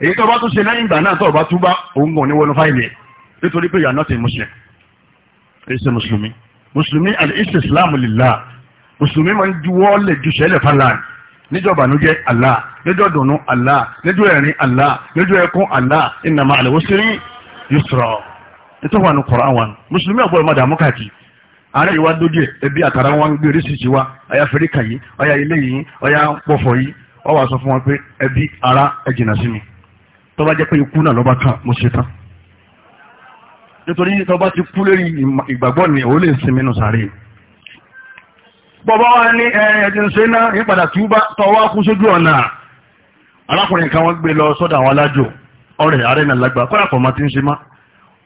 èyí tó bá tún ṣe lẹ́yìn ìgbà náà tó o bá túbá òun gàn ní wọnú fáìlì ẹ̀ nítorí pé yàrá ti muslim ẹsẹ mùsùlùmí mùsùlùmí al-istislamu lillah mùsùlùmí máa ń juwọ́ lè ju sẹ́lẹ̀ fàlàní níjọ́ ìbànújẹ́ Allah níjọ́ dùnú Allah níjọ́ ẹ̀rín Allah níjọ́ ẹkún Allah inna ma'al usri yusra nítorí wà ní Qur'an wọn mùsùlùmí ọ̀gbọ́n ọmọdé àmúkàkì ààrẹ yìí wá dójú ẹ̀ ẹbí àtàrà wọn gbé oríṣiríṣi wa ọ̀yà fẹ́ríkà yìí ọ̀yà ilé yìí ọ̀yà pọ̀fọ̀ yìí wọ́n wá sọ fún wọn pé ẹbí ara ẹ sí mi tó bá pé ikú náà lọ́ba kan mo ṣe tán nítorí tó ti kú lórí ìgbàgbọ́ ni òun lè sinmi nù sáré bọ́bá wa ní ẹ̀ẹ́dìn ṣe náà nípadà túbá tọwọ́ kú sójú ọ̀nà arákùnrin kan wọ́n gbé lọ sọ́dọ̀ àwọn alájò ọ̀rẹ́ ààrẹ náà lágbà kọ́ra kọ̀ọ̀mà ti ń ṣe má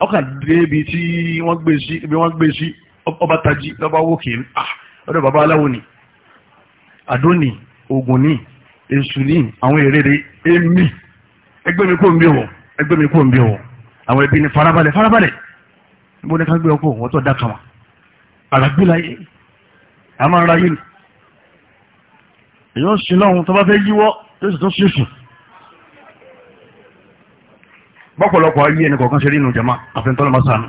ọkà dé ibi tí wọ́n gbé sí ọba tají lọ́ba wókè ah, ọ̀dọ̀ bàbá aláwo ni àdóni ogun ni èṣù ni àwọn èrèrè èmi ẹgbẹ́ mi kò ń bí wọ̀ ẹgbẹ́ mi kò ń bí wọ̀ àwọn ẹbí ni farabalẹ̀ farabalẹ̀ níbo ni ká gbé ọkọ̀ wọ́n tó dá kama àràgbé láyé a máa ra yìí èyàn sí lọ́hun tó bá fẹ́ yíwọ́ tó sì tó sí sùn bọ́pọ̀lọpọ̀ ayé kọ̀ọ̀kan ṣe rí inú jama àfẹ́ntọ́lọ́mọ́sánú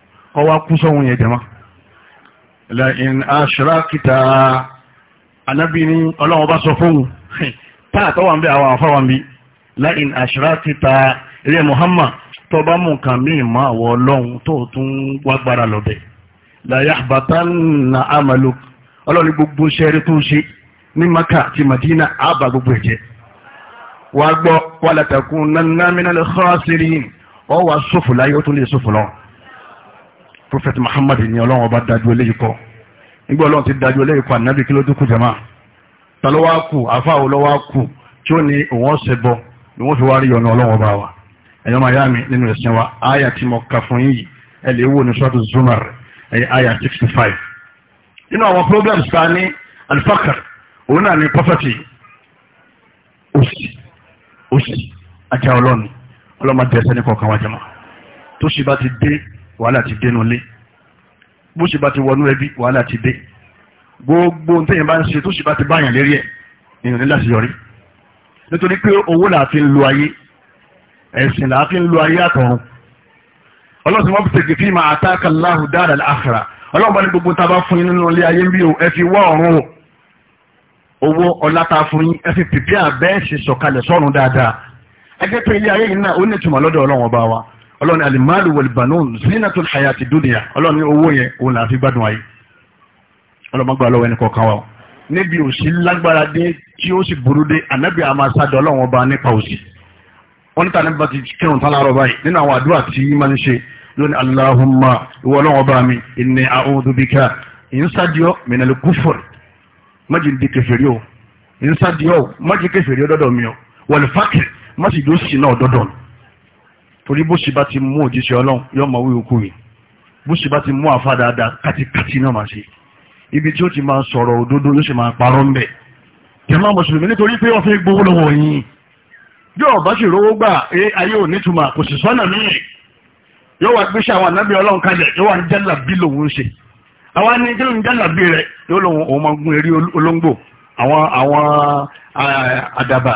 kọ́ wá kú sọ́hun yẹn jẹ́mọ́ lẹ́yìn aṣọ́rákìtà anábì ní ọlọ́run bá sọ fóun táàtọ́ wà ń bẹ àwọn àfáwà ń bí lẹ́yìn aṣọ́rákìtà ilé Muhammad tó bá mú nǹkan míì mọ́ àwọ̀ ọlọ́run tó tún wá gbára lọ́bẹ̀ lẹ́yìn àbátánà amalok ọlọ́run gbogbo ṣẹ́rí tó ṣe ní Maka àti Madina àbá gbogbo ẹ̀jẹ̀ wàá gbọ́ wàlàtàkùn nannamínà lè xọ́ọ́sìrì ọ wàá sófò láyé ó tún lè sófò lọ́wọ́ prophet muhammad ni ọlọ́run ọba dájú eléyìí kọ nígbà ọlọ́run ti dájú eléyìí kọ ànábì kí ló dúkù jama ta ló wá kù àfa wo ló wá kù tí ó ní òun ọ̀sẹ̀ bọ ni wọ́n fi wá rí ọ̀nà ọlọ́run ọba wa ẹ̀yọ́ máa yá mi nínú ẹ̀sìn wa aya tí mo kà fún yìí ẹ lè wò ní sọ́tù zumar ẹ̀yẹ aya sixty five nínú àwọn problems ta ní alifakar òun náà ní poverty òsì òsì ajá ọlọ́run ọlọ́run máa dẹ̀ ẹsẹ̀ ní kọ̀ọ̀kan wájà máa tó sì bá ti dé wàhálà ti dénú lé bó ṣe bá ti wọnú ẹbí wàhálà ti dé gbogbo ohun tẹ́yìn bá ń ṣe tó ṣe bá ti báyàn lérí ẹ̀ nínú ní láti yọrí nítorí pé owó là fi ń lo ayé ẹ̀sìn là fi ń lo ayé àtọ̀run ọlọ́sìn wọn tètè fi máa àtàkà láhùn dáadáa láàfàrà ọlọ́run bá ní gbogbo tá a bá fún yín nínú ilé ayé ń bí o ẹ fi wá ọ̀run o owó ọlá tá fún yín ẹ fi pìpì àbẹ́ẹ̀sì sọ̀kalẹ̀ sọ́run dáadáa ẹgbẹ́ pé ilé ayé yìí náà ó ní ìtumọ̀ lọ́dọ̀ ọlọ́run ọba wa ọlọ́ni alimalu walibanon zinatul hayati dunia ọlọ́ni owó yẹn òun làá fi gbádùn ayé ọlọ́mọgbà lọ́wọ́ ẹni kọ̀ọ̀kan wa níbi òsì lágbára dé tí ó sì burú dé ànábì àmà sádọ ọlọ́wọ́n ọba nípa òsì wọ́n níta nípa ti kírun tán láàárọ̀ báyìí nínú àwọn àdúrà tí máa ń ṣe lónìí aláhùnmá ìwọ ọlọ́wọ́n ọba mi ìní àhùndùbíkà ìnsádìọ́ mìnàlẹ́ kúfùr májì ń di kẹfẹ́rí o ìnsádìọ́ májì kẹfẹ́rí ọdọ́dọ̀ mi o wọ̀lẹ̀ fákì má sì dó sí náà ọdọ́dọ̀ mi torí bó ṣe bá ti mú òjíṣẹ́ ọlọ́run yóò máa wí okú rẹ̀ bó ṣe bá ti mú àfa dáadáa kátikáti náà máa ṣe ibi tí ó ti máa sọ̀rọ̀ òdodo yóò ṣe máa parọ́ ńbẹ̀ tẹ̀mọ́ mùsùlùmí nítorí pé wọ́n fẹ́ gbowó lọ́wọ́ yín bí ọ̀bá sì rówó gbà ẹ e, ayé ò nítumọ̀ kò sì sọ́nà míì yóò wá gbéṣẹ́ àwọn ànábì ọlọ́run kalẹ̀ yóò wá jálà bí lòun ṣe àwa àwọn àwọn àdàbà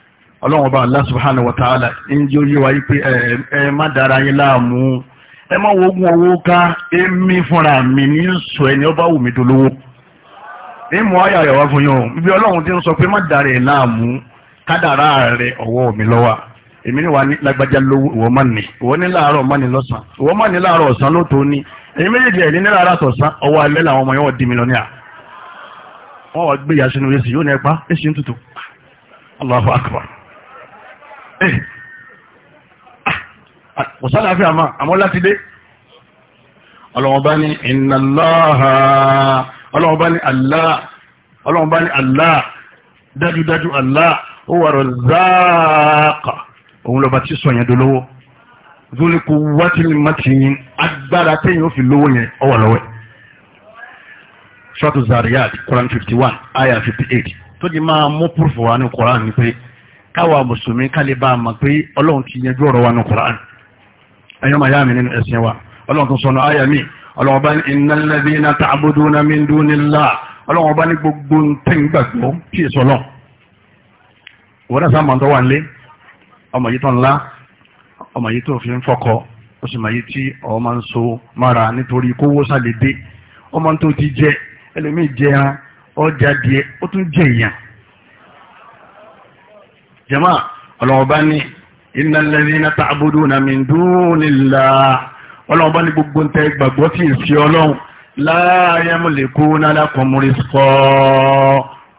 ọlọ́run ọba Allah subhanahu wa ta'ala ń jẹ́ oyé wa yí pé ẹ má dára yín láàmú ẹ má wogun owó ká èmi fúnra mi ní sọ ẹni ọba wù mí dolówó ìmọ̀ ayà rẹ̀ wá fún yín o ọlọ́run ti ń sọ pé má dára ẹ̀ láàmú kádàrá rẹ̀ ọwọ́ mi lọ́wọ́ èmi ni wà ní lágbájá lówó ìwọ má ní ìwọ ní láàárọ̀ má ní lọ́sàn ìwọ má ní láàárọ̀ ọ̀sán ló tó ní èyí méjèèjì ẹ̀ ní ní láàárọ̀ àtọ̀sán ọwọ́ alẹ́ làwọn ọmọ yẹn wọ́n di mi lọ ní à wọ́n wá gbé ìyá sínú èsì yóò ní ẹ pa èsì ń tutù Allahu akbar kò sálàáfíà máa àmọ́ láti dé ọlọ́wọ́bá ní ìnàláha ọlọ́wọ́bá ní Allah ọlọ́wọ́bá ní Allah dájúdájú Allah ó wà rọ̀ záàkà òun lọ́ba tí sọ̀yẹ̀ dolówó zúnikú wátìlì mátìyìn agbára téyìn ó fi lówó yẹn ọwọ́ lọ́wẹ́ ṣọ́tù Zariyat Quran 51 ayah 58 tó di máa mú púrùfù wa ní Quran ní pé káwa mùsùlùmí kálí bá a mọ̀ pé ọlọ́run ti yanjú ọ̀rọ̀ wa ní Qur'an ẹ̀yọ́ màá yá mi nínú ẹ̀sìn wa ọlọ́run tó sọnù ayà mi ọlọ́run bá ní innal ladhina ta'buduna min dunillah ọlọ́run bá ní gbogbo ntẹ́ngbàgbọ́ tí èso lọ. wọ́n dàsá màá tó wà nílé ọmọ yìí tó ńlá ọmọ yìí tó fi ń fọkọ ó sì máa yìí tí ọ máa ń so mára nítorí kówó sálẹ̀ dé ọmọ jẹ́mà ọlọ́ọ̀bá ní innal ladhina ta'buduna min dunillah ọlọ́ọ̀bá ní gbogbo tẹ gbàgbọ́ tí ì sí ọlọ́run la yamlikuna lakum rizqa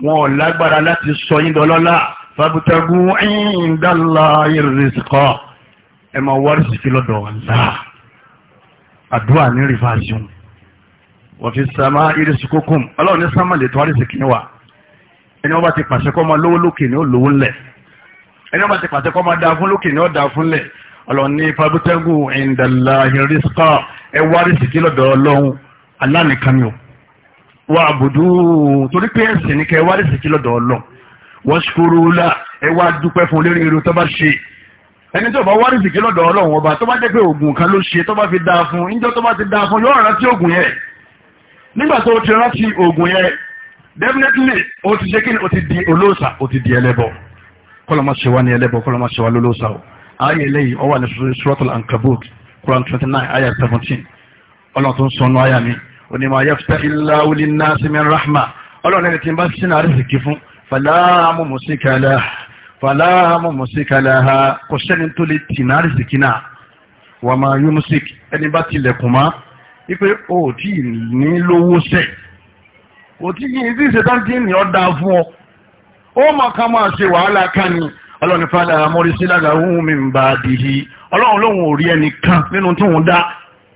wọn ò lágbára láti sọ yín dọlọ́lá fabtagu indallahi rizqa ẹ máa wárí sí lọ́dọ̀ Allah àdúrà ní rìfáàsì wọ́n fi sàmá irisikokum ọlọ́run ní sàmà lè tọ́ àrísìkí wà ẹni wọ́n bá ti pàṣẹ kọ́ ọmọ lówó lókè ní ó ńlẹ̀ ẹni ọba ti pàṣẹ kọ́ máa dáa fún lókè ní ọ̀dà fúnlẹ̀ ọlọ́ni fabutẹ́gù indallahi rizqa ẹ wá rìsíkí lọ́dọ̀ ọlọ́run alánìkan ni o wà àbùdú torí pé ẹ̀sìn ni kẹ́ ẹ wá rìsíkí lọ́dọ̀ ọlọ́run wọ́ṣkúrú la ẹ wá dúpẹ́ fún lérí irú tó bá ṣe ẹni tó bá wá rìsíkí lọ́dọ̀ ọlọ́run ọba tó bá jẹ́ pé oògùn kan ló ṣe tó bá fi dáa fún ìjọ tó bá ti dáa fún yóò rántí oògùn yẹn nígbà tó ti rántí oògùn yẹn definitely o ti ṣe kí ni o ti di olóòṣà o ti di ẹlẹ́bọ̀ọ́ kọ́lọ́mọ́ ṣe wá ní ẹlẹ́bọ̀ kọ́lọ́mọ́ ṣe wá lólóòsà o ayé eléyìí ó ní suratul ankabut quran twenty nine ayah seventeen ọlọ́run tó ń sọnù ayah mi onímọ̀ ayẹ́fẹ́ ilá wuli nasi min rahma ọlọ́run ẹni tí ń bá sínú àrísìkí fún fàlámù mùsíkàlá fàlámù mùsíkàlá ha kò sẹ́ni tó lè tì ní àrísìkí náà wà máa yú mùsík ẹni bá tilẹ̀kùn má wípé o ò ní lówó sẹ́ẹ̀ o tí ì ní ìdí ìṣẹ́tàn tí ọ́ dáa fún ọ ó máa ká máa ṣe wàhálà kan ni ọlọ́run fàdà amúrísílà làwọn mi ń bá dìhì ọlọ́run lòun ò rí ẹnìkan nínú tóun dá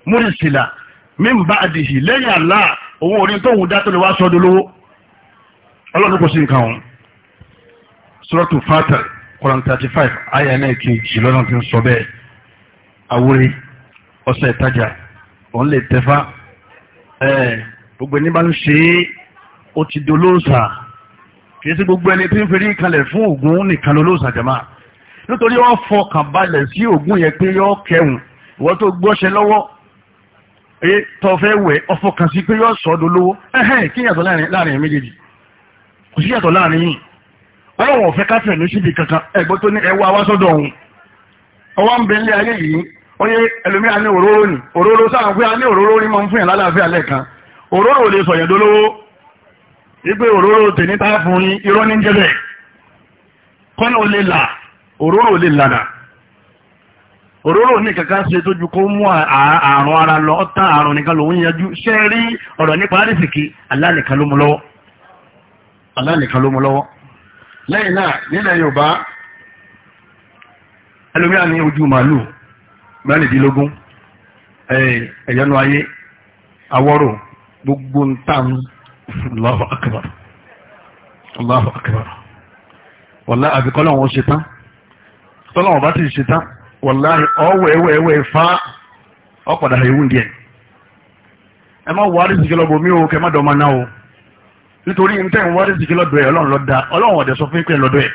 múrísílà mi ń bá dìhì lẹ́yìn àlá òun ò rí tóun dá tó lè wá sọ́dọ̀ lówó ọlọ́run kò sí nǹkan ọ̀hún sọ́tù fàtà Quran thirty ayé ẹ̀ kejì tí ń sọ bẹ́ẹ̀ awúrẹ́ ọ̀sẹ̀ ìtajà òun lè tẹ́fà ẹ̀ gbogbo kì sí gbogbo ẹni tí ń fi rí kalẹ̀ fún ògùn nìkan ló lóòsàn jama nítorí wọ́n fọkàn balẹ̀ sí ògùn yẹn pé yọ kẹun ìwọ́n tó gbọ́ṣẹ lọ́wọ́ ẹ tọ́fẹ́ wẹ̀ ọfọkàn sí pé yọ́ sọ́dọ̀ lówó ẹ̀hẹ́n kí yàtọ̀ láàrin méjèèjì kò sí yàtọ̀ láàrin yìí ọ̀fẹ́ kankan ẹ̀gbọ́n tó ní wá sọ́dọ̀ ọ̀hún ọwọ́ ń bẹ ayé yìí òróró ni òróró sáà ń ní òróró ń fún wípé òróró tè níta fún fun irọ́ ní jẹ́bẹ̀ kọ́nà ò là òróró ò lànà òróró ní kankan ṣe tójú kó mú ara lọ tán àrùn nìkan lòun yanjú ṣe rí ọ̀rọ̀ nípa àrísìkí Allah ló mú lọ́wọ́ lẹ́yìn náà nílẹ̀ Yorùbá ẹlòmíà ní ojú Allahu akbar Allahu akbar wàlá àfi kọ́lọ́wọ́n ṣe tán tọ́lọ́wọ́n bá ti ṣe tán wàlá ọ̀wẹ̀ ẹ̀wẹ̀ ẹ̀wẹ̀ fa ọ̀pọ̀dà ewu díẹ̀ ẹ má wàá rí sìkìlọ̀ bòmí o kẹ má dọ̀ máa ná o nítorí níta ìwọ́n rí sìkìlọ̀ dọ̀ ẹ̀ ọlọ́run ló dá ọlọ́run ọ̀dẹ̀ sọ fún ìpín lọ́dọ̀ ẹ̀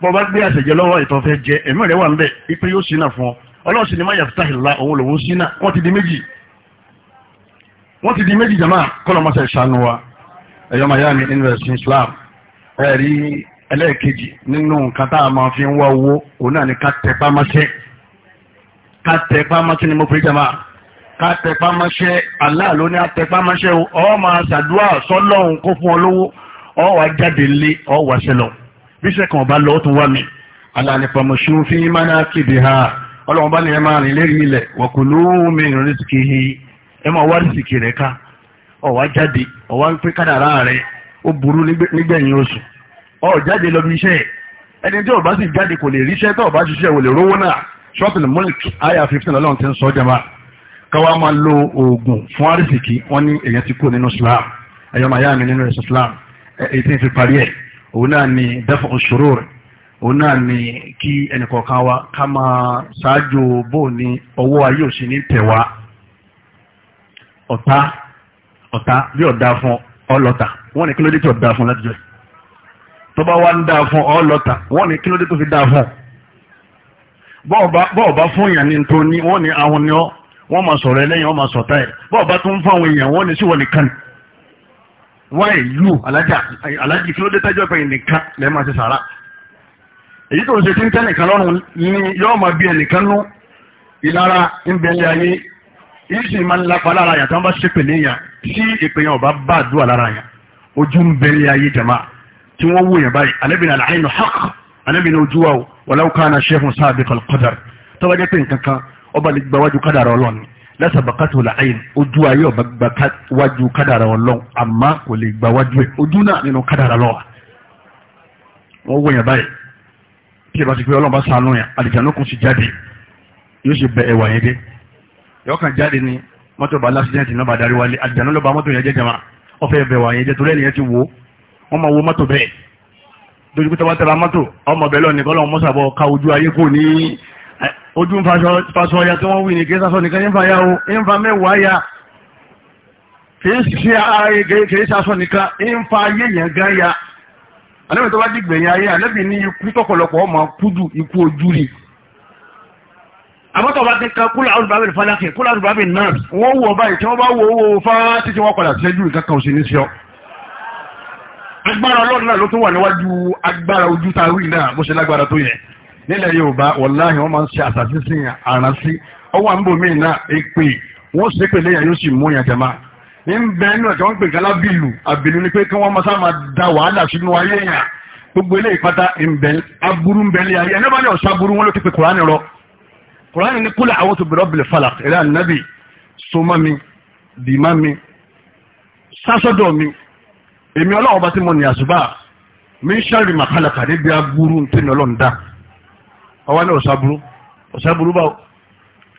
bọ́ bá gbé àṣẹjẹ lọ́wọ́ ìtọ́ fẹ́ jẹ ẹ̀mí rẹ̀ wà ń bẹ̀ ìpín yóò ṣínà fún ọ ọlọ́run sì ni má yàtúntà ìlà òun lòun ṣínà wọ́n ti di méjì wọ́n ti di méjì jama kọ́lọ́mọsẹ̀ ìṣàánú wa ẹ̀yọ́ miami university islam ẹ̀rí ẹlẹ́ẹ̀kejì nínú nǹkan tá a máa fi ń wá owó òun náà ni ká tẹ pámásẹ́ ká tẹ pámásẹ́ ni mo fi jama ká tẹ pámásẹ́ Allah ló ní àtẹ pámásẹ́ o ọ máa ṣàdúrà sọ́lọ́hún kó fún ọ lówó ọ wà jáde lé ọ wà ṣẹlọ bí sẹ́kàn ọba lọ́ọ́ tún wá mi Allah ní pàmòṣù fi máa ń kéde ha ọlọ́run bá ní ẹ máa rìn lérí ilẹ̀ wọ̀kùlù mi rìn rísíkì yìí ẹ máa wá rìsìkì rẹ ká ọ̀wá jáde ọ̀wá pé kádàrá rẹ ó burú nígbẹ̀yìn oṣù ọ̀ jáde lọ bí iṣẹ́ ẹni tí ọba sì jáde kò lè ríṣẹ́ tó ọba ṣiṣẹ́ wò lè rówó náà ṣọ́ọ̀tún múlik àyà fifteen ọlọ́run ti ń sọ jẹba káwá máa lo oògùn fún àrísìkì wọn ní èyàn ti kú nínú Islam ẹ̀yọ́ màá yá mi nínú ẹ̀sìn Islam èyí tí ń fi parí ẹ̀ òun náà ni dafu ushurur òun náà ni kí ẹnìkọ̀ọ̀kan wa ká máa ṣáájú bóun ní ọwọ́ ayé òsì ní tẹ̀wá ọ̀tá ọ̀tá bí ọ̀dá fún ọlọ́ta wọ́n ní kílódé tí ọ̀dá fún látijọ́ tó bá wá ń dá fún ọlọ́ta wọ́n ní kílódé tó fi dá fún bọ́ọ̀bá fún èèyàn ní tó ní wọ́n ní àwọn ni wọ́n máa sọ̀rọ̀ ẹlẹ́yìn wọ́n máa sọ̀tá ẹ̀ bọ́ọ̀bá tó ń fáwọn èèyàn wọ́n ní sí wọn nìkan wáyé yù alájì kílódé tájọ́ pé nìkan lẹ́ẹ̀ máa ṣe sàrà èyí tó ń ṣe tí ń tẹ́ nìkan lọ́rùn ni yọ́ọ̀ máa bí ẹnìkan nú ìlara ń bẹ̀lẹ̀ ayé ìsì máa ń lapa lára yàn tó ń bá ṣépè léyàn tí èpè yàn ò bá bá àdúrà lára yàn ojú ń bẹ̀rẹ̀ ayé jama tí wọ́n wòyàn báyìí alẹ́bìnrin àlàyénu haq alẹ́bìnrin ojú wa wàláwù kánà ṣẹ́fún sáàbì kọlùkọ́dàr tó bá jẹ́ pé nǹkan kan ọba lè gba wájú kádàrà ọlọ́run lẹ́sà bàkátò làáyìn ojú ayé ọba gba wájú kádàrà ọlọ́run àmọ́ kò lè gba wájú ẹ̀ ojú náà nínú kádàrà lọ́wọ́ wọ́n wòyàn báyìí tí ìbá ti yọkàn jáde ni mọ́tò bá lásìdẹ́ǹtì náà bá darí wálé àjànú ló bá mọ́tò yẹn jẹ́ jama ọ̀fẹ́ ẹ̀bẹ̀ wà yẹn jẹ́ torí ẹ̀nìyẹn ti wò wọ́n máa wo mọ́tò bẹ́ẹ̀ dojú pé tọ́wọ́ tẹ́ra mọ́tò ọmọ bẹ́ẹ̀ lọ́ọ̀nì kọ́lọ́ mọ́sàbọ̀ ka ojú ayé kò ní ojú nfaṣọ ya tí wọ́n wí ní kí sásọ nìkan yẹn fa ya o yẹn fa mẹ́wàá ya kìí ṣe ààrẹ nìkan yẹn fa ayé yẹn gan ya àmọ́tọ̀ bá ti kan kúlà ọdún bábẹ̀ fàdákì kúlà ọdún bábẹ̀ náà wọ́n wọ báyìí tí wọ́n bá wo owó fáá títí wọ́n padà sẹ́jú ìkankan òsì ní ṣọ́ agbára ọlọ́run náà ló tún wà níwájú agbára ojú ta wí náà bó ṣe lágbára tó yẹ nílẹ̀ Yorùbá wọ̀láhì wọ́n máa ń ṣe àtàtì sí àrán sí ọwọ́ àǹbò míì náà èpè wọ́n sì pè léyà yóò sì mú yàn jẹ́má ní bẹ́ẹ̀ náà tí wọ́n pè kálá bìlù àbìlù ni pé kí wọ́n máa máa da wàhálà sínú ayé yàn gbogbo eléyìí pátá aburú ń bẹ́ẹ̀ lé ayé ẹ̀ ní wọ́n bá ní ọ̀sán aburú wọn ló ti pè Kùránì rọ kùránì ní kúlẹ̀ àwọn tóbi rọ́bìlì falak eré ànábì súnmọ́ mi dìímọ́ mi sásọ́dọ̀ mi èmi ọlọ́wọ́ bá ti mọ ní àṣùbà mi ń ṣàrì màkàlàkà níbi aburú tí mi ọlọ́run dá ọwọ́ ní ọ̀ṣàbúrú ọ̀ṣàbúrú báwo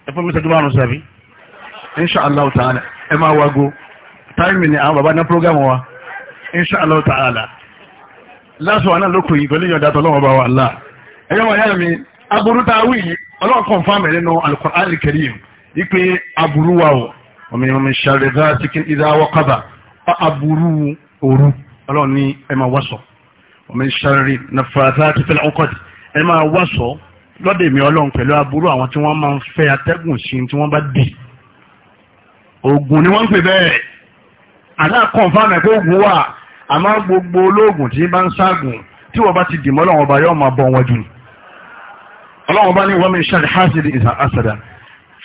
ẹ mi sẹ́jú márùn-ún sàbí insha allah ta'ala ẹ máa wago táìmì ni àwọn bàbá ní prógámù wa insha allah ta'ala lásìwọ̀n náà lókùn yìí pẹ̀lú ìyọ̀dá tọ́lọ́wọ́ bá wà láà ẹ̀yọ́ wà yára mi aburú tá a wí yìí ọlọ́run confirm rẹ̀ nínú al-Qur'an al-Karim ipe aburú wa o ọmọ ìrìn ṣàlẹ̀ dá síkín ìdá wọ́kàbà aburú òru ọlọ́run ní ẹ máa wọ́sọ̀ ọmọ ìṣàlẹ̀ nàfàdà ti fẹ́lẹ̀ ọkọ̀dì ẹ máa wọ́sọ̀ lọ́dẹ̀ mi ọlọ́run pẹ̀lú aburú àwọn tí wọ́n máa ń fẹ́ atẹ́gùn sí tí wọ́n bá dì oògùn ni wọ́n ń pè bẹ́ẹ̀ àdá confirm rẹ̀ pé oògùn wà àmọ́ gbogbo olóògùn tí bá ti dì mọ́ lọ́wọ́ ọba ọlọ́run bá ní wọ́n mi ṣáàdì hásìdì ìsà àṣàdà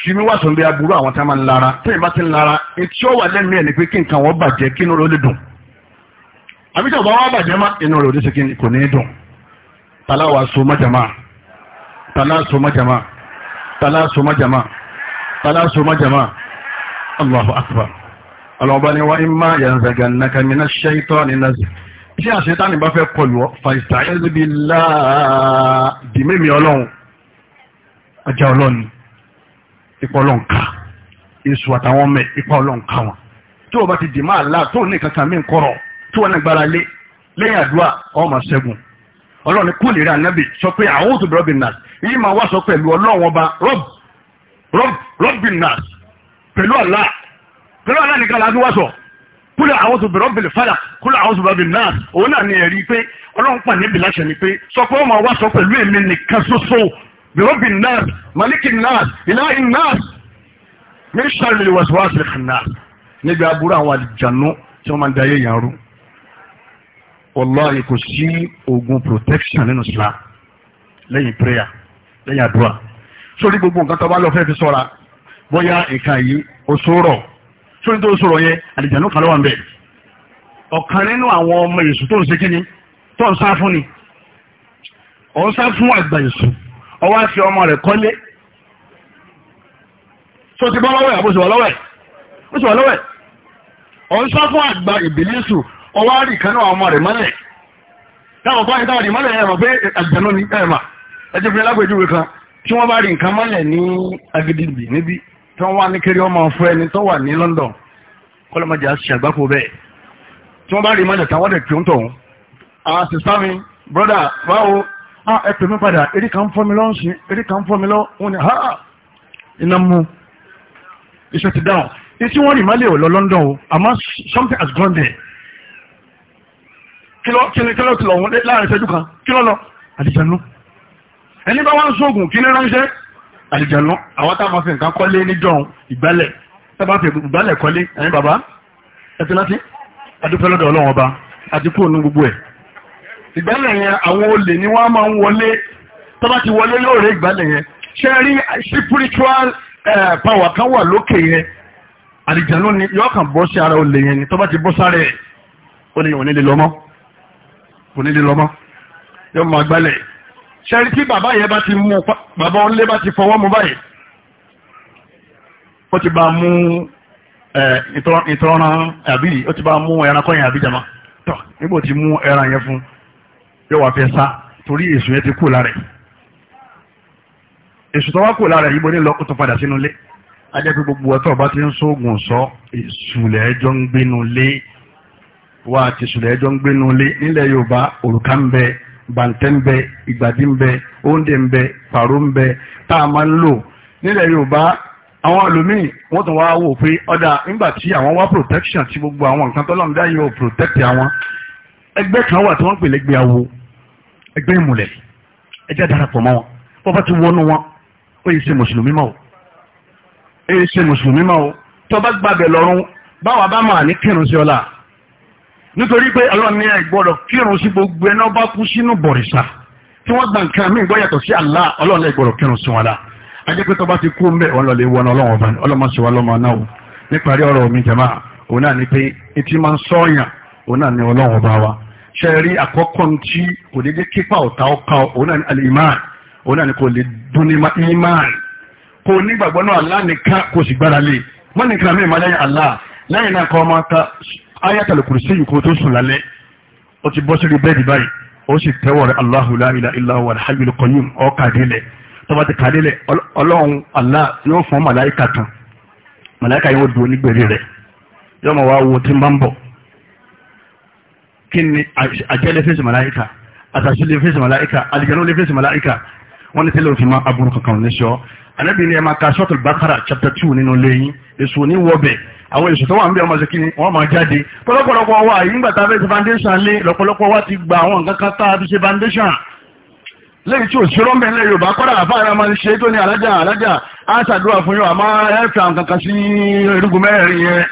fi mi wá sọ̀rọ̀ bí aburú àwọn tá a máa ń lara tẹ́yìn bá ti ń lara etí ó wà lẹ́nu ẹ̀ ní pé kí nǹkan wọ́n bàjẹ́ kí inú rẹ̀ ó lè dùn àbíjà ọba wa bàjẹ́ má inú rẹ̀ ó lè ṣe kí kò ní dùn tàlá wa so má jàmá tàlá so má jàmá tàlá so má jàmá tàlá so má jàmá Allahu akbar ọlọ́ọ̀bá ni wọ́n ń má yanzagannaka minash shaitani nazg tí àṣetánì bá fẹ́ kọlù ọ fàìsà ẹ̀ ọjà ọlọ́ni ipa ọlọ́nka èṣù àtàwọn ọmọ ipa ọlọ́nka wọn tí wọ́n bá ti dì máa la tó ní kankan mí kọ́rọ̀ tí wọ́n náà gbára lé lẹ́yìn àdúrà ọmọ ṣẹ́gun ọlọ́ni kú lè rí ànábì sọ pé àwọn òtún rọ́bì nàás yìí máa wá sọ pẹ̀lú ọlọ́wọ́n ọba rọ́b rọ́b rọ́bì nàás pẹ̀lú àlá pẹ̀lú àlá nìkan láti wá sọ kúlẹ̀ àwọn òtún rọ́bì fàlà kúlẹ̀ àwọn òtún rọ́bì nàás òun náà ni ẹ̀rí pé ọlọ́run pàdé bìláṣẹ ni pé sọ pé ọmọ wá sọ pẹ̀lú èmi nìkan ṣoṣo برب الناس ملك الناس إله الناس من شر الوسواس الخناس níbi aburú àwọn àdìjànú tí wọ́n máa ń dayé yàn rú wallahi kò sí oògùn protection nínú Islam lẹ́yìn prayer lẹ́yìn àdúrà sórí gbogbo nǹkan tó bá lọ fẹ́ fi sọ́ra bóyá nǹkan yìí ó sọ̀rọ̀ sórí tó sọ̀rọ̀ yẹn àdìjànú kan ló wà ń bẹ̀ ọ̀kan nínú àwọn ọmọ èṣù tó ń ṣe kíni tó ń sá fún ni ọ̀ ń sá fún àgbà èṣù ọwọ́ àti ọmọ rẹ̀ kọ́lé tó ti bọ́ lọ́wọ́ ẹ̀ àbúṣe wà lọ́wọ́ ẹ̀ búṣe wà lọ́wọ́ ẹ̀ ọ̀n sá fún àgbà ìbílísù ọwọ́ àrí kan náà ọmọ rẹ̀ mọ́lẹ̀ táwọn báyìí táwọn ìmọ́lẹ̀ ẹ̀ mọ̀ pé àjẹ̀nú ni ẹ̀ mà ẹ ti fi lágbèjúwe kan tí wọ́n bá rí nǹkan mọ́lẹ̀ ní agidigbi níbi tí wọ́n wá ní kiri ọmọ fún ẹni tó wà ní London kọ́lọ́mọdé àti àgbákò bẹ́ẹ̀ tí wọ́n bá rí mọ́lẹ̀ táwọn dẹ̀ kí ń tọ̀hún àti sámi brọ́dà báwo ah ẹ pè mí padà eré kan fọ́ mi lọ́ ń sìn eré kan fọ́ mi lọ́ wọn ni ha iná mú iṣẹ́ ti dáhùn etí wọ́n rì má lè lọ London o àmọ́ something has gone there kí ló kí ló ti lọ wọn láàrin ìṣẹ́jú kan kí ló lọ àlìjànú ẹni bá wá ń sóògùn kí ní ránṣẹ́ àlìjànú àwọn táwọn máa fi nǹkan kọ́lé níjọ́ ìgbálẹ̀ tábà fi ìgbálẹ̀ kọ́lé ẹ̀yin bàbá ẹ̀ ti láti adúpẹ́ lọ́dọ̀ Ọlọ́run ọba àti kúrò ní gbogbo ẹ̀ ìgbálẹ̀ yẹn àwọn olè ni wọ́n máa ń wọlé tó bá ti wọlé yóò rẹ yẹn ṣe rí spiritual power kan wà lókè yẹn àlìjánu ni yóò kàn bọ́ sí ara olè yẹn ni tó bá ti bọ́ sáré ẹ̀ ó ní ìwọ̀n nílé lọ́mọ́ kò nílé lọ́mọ́ yóò máa gbálẹ̀ ṣe rí tí bàbá yẹn bá ti mú bàbá ọlẹ́ bá ti fọwọ́ mu báyìí ó ti bá mú ìtọ́ran àbí ó ti bá mú ẹranko yẹn àbí jama tọ́ nígbà tí mú ẹran yẹn fún un yóò wá fẹ́ sá torí èsù yẹn ti kú lára ẹ̀ èsù tó wá kú lára ẹ̀ yìí mo ní lọ kó tó padà sínú ilé ajẹ́ pé gbogbo ọ̀tọ̀ bá ti ń sóògùn sọ èsù lẹ́ẹ̀jọ́ ń gbénu lé wá àti èsù lẹ́ẹ̀jọ́ ń gbénu lé nílẹ̀ Yorùbá òrùka ń bẹ bàǹtẹ́ ń bẹ ìgbàdí ń bẹ oúnjẹ ń bẹ pàrọ̀ ń bẹ tá a máa ń lò nílẹ̀ Yorùbá àwọn ẹlòmíì wọ́n tún wá wò pé ọ̀dà nígbà tí àwọn wá protection ti gbogbo àwọn nǹkan tó lọ́nà dá yóò protect àwọn ẹgbẹ́ kan wà tí wọ́n pè lẹ́gbẹ́ awo ẹgbẹ́ ìmùlẹ̀ ẹjẹ́ darapọ̀ mọ́ wọn bọ́bá ti wọnú wọn ó yẹ ṣe mùsùlùmí mọ́ o ó yẹ ṣe mùsùlùmí mọ́ o tó bá gbàbẹ̀ lọ́rùn báwa bá máa ní kírun sí ọlá nítorí pé ọlọ́run ní ẹ̀gbọ́dọ̀ kírun sí gbogbo ẹná bá kú sínú bọ̀rìṣà tí wọ́n gba nǹkan mí gbọ́ yàtọ̀ sí Allah ọlọ́run ẹ̀gbọ́dọ̀ kírun sí wọn la ajẹ́ pé tó bá ti kú mbẹ́ wọn lọ lè wọnà ọlọ́run ọba ọlọ́mọ sí wa Ona ni ọlọ́run ọba wa ṣe rí àkọ́kọ́ tí kò ní jẹ́ kípa ọ̀tá ọ̀ka òun náà ni al-iman ni kò lè dún ní iman kò ní gbàgbọ́ náà Allah nìkan kò sì gbára lé mọ́ nìkan mi máa lẹ́yìn Allah lẹ́yìn náà kọ́ ọmọ ta ayatul kursi yìí kò tó sùn lálẹ́ ó ti bọ́ sórí bẹ́ẹ̀dì báyìí ó sì tẹ́wọ̀ rẹ̀ Allahu la ilaha illa hayyul qayyum ọ́ kàdélẹ̀ tọ́ba Allah yóò fún màláìkà tán màláìkà yóò dúró nígbèrè rẹ̀ yọ́mọ̀ wá wo tí ń bá ń Kini ni àjẹ́ lè fèsì màláìka àtàṣí lè fèsì màláìka àlìjẹ́nú lè fèsì màláìka wọ́n ní tẹ́lẹ̀ òfin máa aburú kankan ní sọ anábì ní máa ka sọ́tò bàkàrà chapter two nínú lẹ́yìn èso ní wọ́bẹ̀ àwọn èso tó wà ń bẹ̀ ọmọ sí kíni wọ́n máa jáde pọ̀lọpọ̀lọpọ̀ wa yìí ńgbà tá a fẹ́ ṣe foundation lé lọ́pọ̀lọpọ̀ wa ti gba àwọn nǹkan kan tá a fi ṣe foundation lẹ́yìn tí òṣèrò mẹ́rin lẹ́yìn yorùbá kọ́dà àfáàrà máa ń ṣe tó ní alájà alájà á ṣàdúrà fún yóò àmọ́ ẹ̀fẹ̀ àwọn kankan sí irúgbìn mẹ́rin yẹn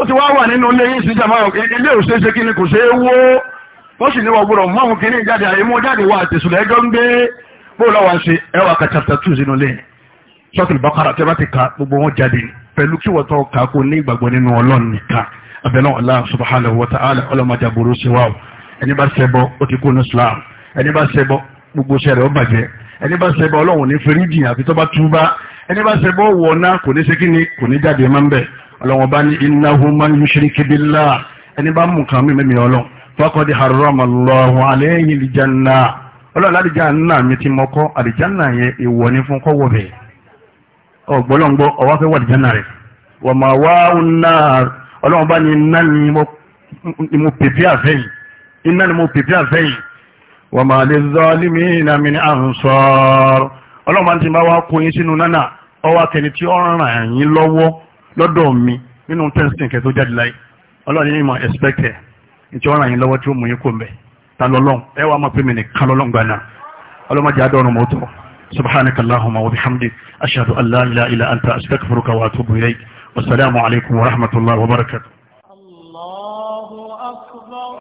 ó ti wá wà nínú ilé yìí sí jàmá ilé ò ṣeéṣe kí ni kò ṣe é wó wọ́n sì ní wọ́n gbọ́dọ̀ mọ́ àwọn kìíní jáde àyè mú jáde wá àtẹ̀sùlẹ̀ ẹjọ́ ń gbé bóòlọ́ wa ṣe ẹwà ka chapter sínú ilé sọ́tìlì bọ́kara tẹ́ bá ti ka gbogbo wọn jáde pẹ̀lú kí wọ́n tọ́ ka kó ní ìgbàgbọ́ nínú ọlọ́run nìkan abẹ́nà Allah subhanahu wa ta'ala ọlọ́mọdé burú sí wa o ẹni bá ṣẹbọ ó ti kó ní Islam ẹni bá ṣẹbọ gbogbo ṣẹlẹ̀ ó bàjẹ́ ẹni bá ṣẹbọ ọlọ́wọ́n bá ní innahu man yushrik billah ẹni bá mú kan mímí ọlọ́ faqad harrama Allahu alayhi al-janna ọlọ́run àlìjáná mi ti mọ́kọ́ àlìjáná yẹn ìwọ̀ ni fún kọ́wọ́ bẹ̀ ọ̀gbọ́lọ́ngbọ́ ọwá fẹ́ wà àlìjáná rẹ̀ wọ́n máa wá náà ọlọ́run bá ní iná ni mo pèpè àfẹ́yìn iná ni mo pèpè àfẹ́yìn wọ́n máa lè zọ límì lọ́dọ̀ mi nínú tẹ́sítìn kẹ́ tó jáde láyé ọlọ́run ní ìmọ̀ ẹ̀sìpẹ́kẹ̀ nítorí wọn ràn yín lọ́wọ́ tí ó mú yín kó mbẹ́ ta lọ́lọ́n ẹ wàá máa pè mí nìkan lọ́lọ́n gbaná ọlọ́mọdé adọ́run mọ́ tó subhanaka allahumma wa bihamdik ashhadu an la ilaha illa anta astaghfiruka wa atubu ilayk wasalaamu alaykum wa rahmatullahi wa barakatuh.